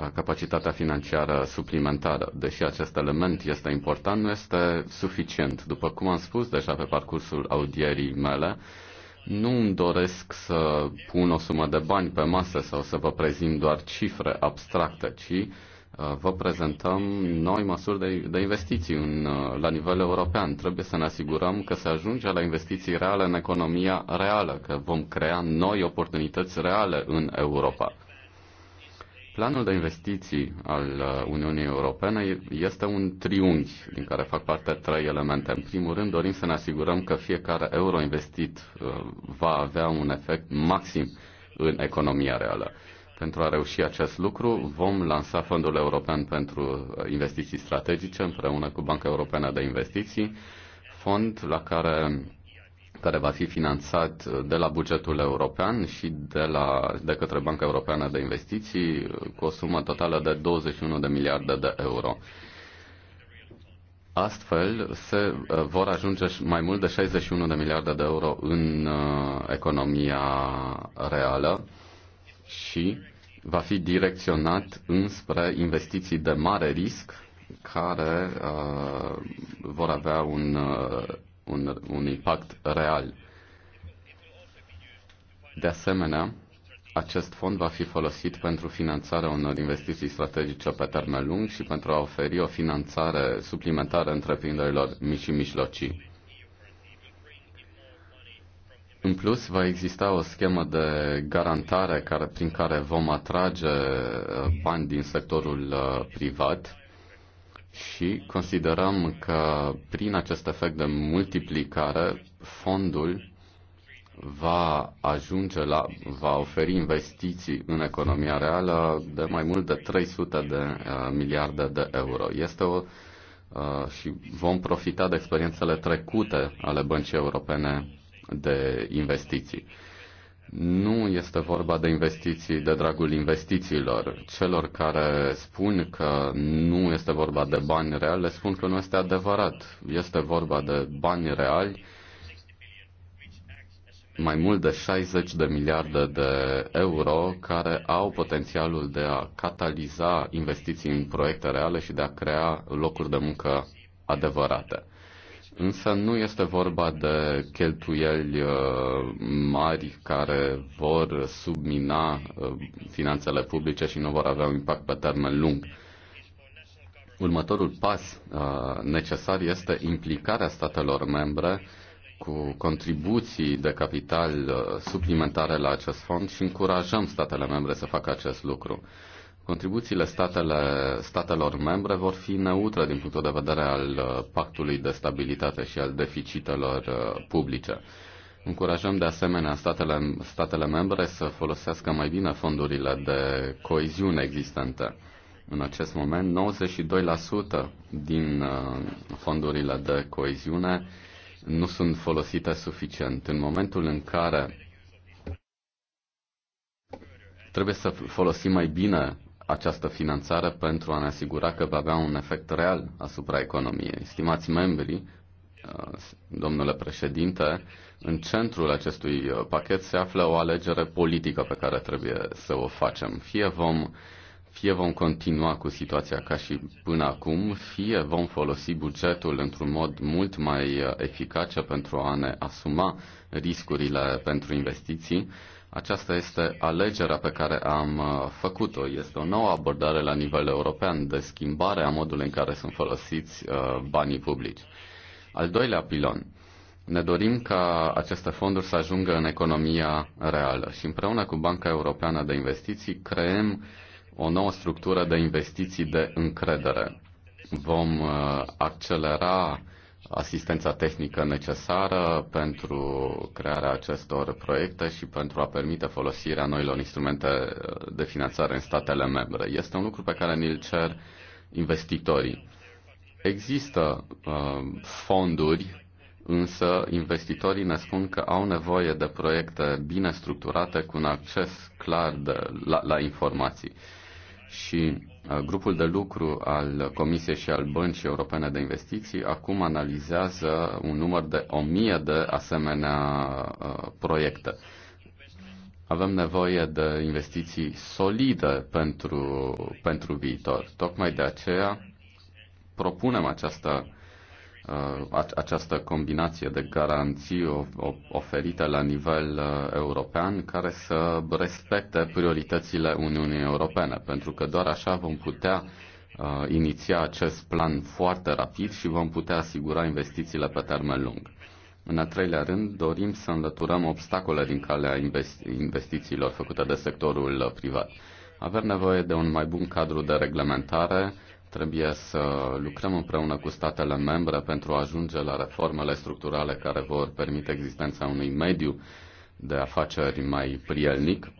capacitatea financiară suplimentară. Deși acest element este important, nu este suficient. După cum am spus deja pe parcursul audierii mele, nu îmi doresc să pun o sumă de bani pe masă sau să vă prezint doar cifre abstracte, ci uh, vă prezentăm noi măsuri de, de investiții în, uh, la nivel european. Trebuie să ne asigurăm că se ajunge la investiții reale în economia reală, că vom crea noi oportunități reale în Europa. Planul de investiții al uh, Uniunii Europene este un triunghi din care fac parte trei elemente. În primul rând, dorim să ne asigurăm că fiecare euro investit uh, va avea un efect maxim în economia reală. Pentru a reuși acest lucru, vom lansa Fondul European pentru uh, Investiții Strategice împreună cu Banca Europeană de Investiții, fond la care care va fi finanțat uh, de la bugetul european și de, la, de către Banca Europeană de Investiții uh, cu o sumă totală de 21 de miliarde de euro. Astfel, se uh, vor ajunge mai mult de 61 de miliarde de euro în economia reală și va fi direcționat înspre investiții de mare risc care uh, vor avea un uh, un, un impact real. De asemenea, acest fond va fi folosit pentru finanțarea unor investiții strategice pe termen lung și pentru a oferi o finanțare suplimentară întreprinderilor mici și mijlocii. În plus, va exista o schemă de garantare care, prin care vom atrage uh, bani din sectorul uh, privat și considerăm că prin acest efect de multiplicare fondul va ajunge la, va oferi investiții în economia reală de mai mult de 300 de uh, miliarde de euro. Este o uh, și vom profita de experiențele trecute ale băncii europene de investiții. Nu este vorba de investiții de dragul investițiilor. Celor care spun că nu este vorba de bani reali, le spun că nu este adevărat. Este vorba de bani reali, mai mult de 60 de miliarde de euro care au potențialul de a cataliza investiții în proiecte reale și de a crea locuri de muncă adevărate. Însă nu este vorba de cheltuieli uh, mari care vor submina uh, finanțele publice și nu vor avea un impact pe termen lung. Următorul pas uh, necesar este implicarea statelor membre cu contribuții de capital suplimentare la acest fond și încurajăm statele membre să facă acest lucru. Contribuțiile statele, statelor membre vor fi neutre din punctul de vedere al uh, pactului de stabilitate și al deficitelor uh, publice. Încurajăm de asemenea statele, statele membre să folosească mai bine fondurile de coeziune existente. În acest moment, 92% din uh, fondurile de coeziune nu sunt folosite suficient. În momentul în care trebuie să folosim mai bine această finanțare pentru a ne asigura că va avea un efect real asupra economiei. Stimați membrii, uh, domnule președinte, în centrul acestui uh, pachet se află o alegere politică pe care trebuie să o facem. Fie vom, fie vom continua cu situația ca și până acum, fie vom folosi bugetul într-un mod mult mai uh, eficace pentru a ne asuma riscurile pentru investiții aceasta este alegerea pe care am uh, făcut-o. Este o nouă abordare la nivel european de schimbare a modului în care sunt folosiți uh, banii publici. Al doilea pilon. Ne dorim ca aceste fonduri să ajungă în economia reală și împreună cu Banca Europeană de Investiții creăm o nouă structură de investiții de încredere. Vom uh, accelera asistența tehnică necesară pentru crearea acestor proiecte și pentru a permite folosirea noilor instrumente de finanțare în statele membre. Este un lucru pe care ni-l cer investitorii. Există uh, fonduri, însă investitorii ne spun că au nevoie de proiecte bine structurate cu un acces clar de, la, la informații. Uh, și uh, grupul de lucru al Comisiei și al Băncii Europene de Investiții acum analizează un număr de o mie de asemenea uh, proiecte. Avem nevoie de investiții solide pentru, pentru viitor. Tocmai de aceea propunem această Uh, această combinație de garanții oferite la nivel uh, european care să respecte prioritățile Uniunii Europene, pentru că doar așa vom putea uh, iniția acest plan foarte rapid și vom putea asigura investițiile pe termen lung. În al treilea rând, dorim să înlăturăm obstacole din calea investi- investițiilor făcute de sectorul privat. Avem nevoie de un mai bun cadru de reglementare Trebuie să lucrăm împreună cu statele membre pentru a ajunge la reformele structurale care vor permite existența unui mediu de afaceri mai prielnic.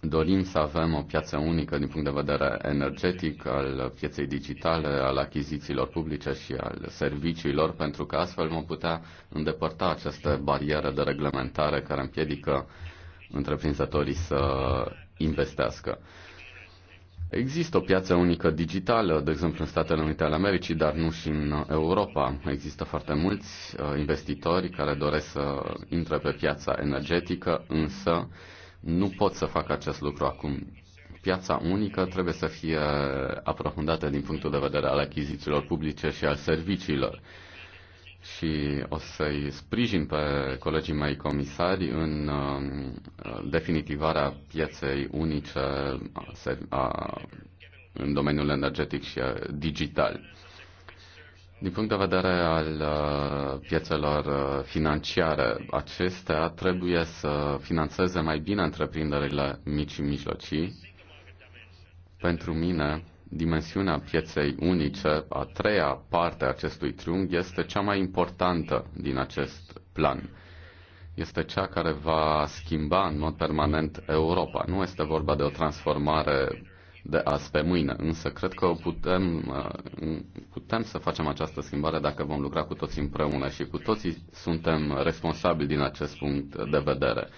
Dorim să avem o piață unică din punct de vedere energetic, al pieței digitale, al achizițiilor publice și al serviciilor, pentru că astfel vom putea îndepărta aceste bariere de reglementare care împiedică întreprinzătorii să investească. Există o piață unică digitală, de exemplu în Statele Unite ale Americii, dar nu și în uh, Europa. Există foarte mulți uh, investitori care doresc să intre pe piața energetică, însă nu pot să facă acest lucru acum. Piața unică trebuie să fie aprofundată din punctul de vedere al achizițiilor publice și al serviciilor și o să-i sprijin pe colegii mei comisari în um, definitivarea pieței unice a, în domeniul energetic și uh, digital. Din punct de vedere al uh, piețelor uh, financiare, acestea trebuie să financeze mai bine întreprinderile mici și mijlocii. Pentru mine, dimensiunea pieței unice, a treia parte a acestui triunghi, este cea mai importantă din acest plan. Este cea care va schimba în mod permanent Europa. Nu este vorba de o transformare de azi pe mâine, însă cred că putem, uh, putem să facem această schimbare dacă vom lucra cu toți împreună și cu toții suntem responsabili din acest punct de vedere.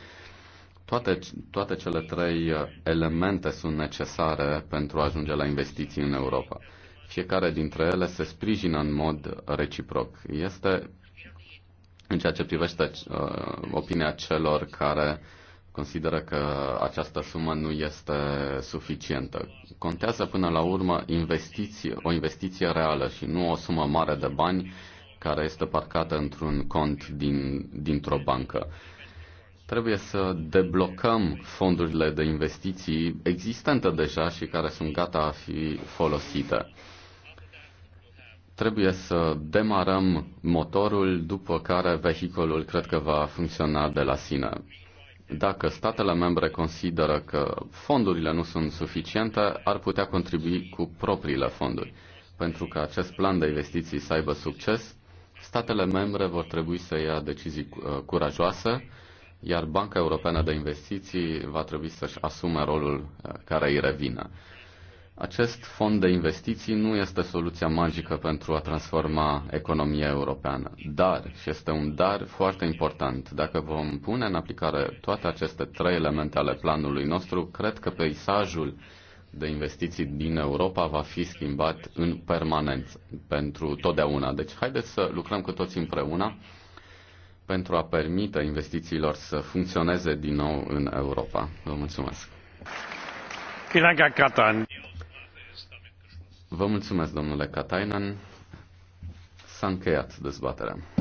Toate, toate cele trei uh, elemente sunt necesare pentru a ajunge la investiții în Europa. Fiecare dintre ele se sprijină în mod reciproc. Este în ceea ce privește uh, opinia celor care consideră că această sumă nu este suficientă. Contează până la urmă investiții, o investiție reală și nu o sumă mare de bani care este parcată într-un cont din, dintr-o bancă. Uh, Trebuie să deblocăm fondurile de investiții existente deja și care sunt gata a fi folosite. Trebuie să demarăm motorul, după care vehiculul cred că va funcționa de la sine. Dacă statele membre consideră că fondurile nu sunt suficiente, ar putea contribui cu propriile fonduri. Pentru că acest plan de investiții să aibă succes, statele membre vor trebui să ia decizii uh, curajoase iar Banca Europeană de Investiții va trebui să-și asume rolul uh, care îi revine. Acest fond de investiții nu este soluția magică pentru a transforma economia europeană, dar, și este un dar foarte important, dacă vom pune în aplicare toate aceste trei elemente ale planului nostru, cred că peisajul de investiții din Europa va fi schimbat în permanență, pentru totdeauna. Deci haideți să lucrăm cu toți împreună pentru a permite investițiilor să funcționeze din nou în Europa. Vă mulțumesc. Vă mulțumesc, domnule Katainen. S-a încheiat dezbaterea.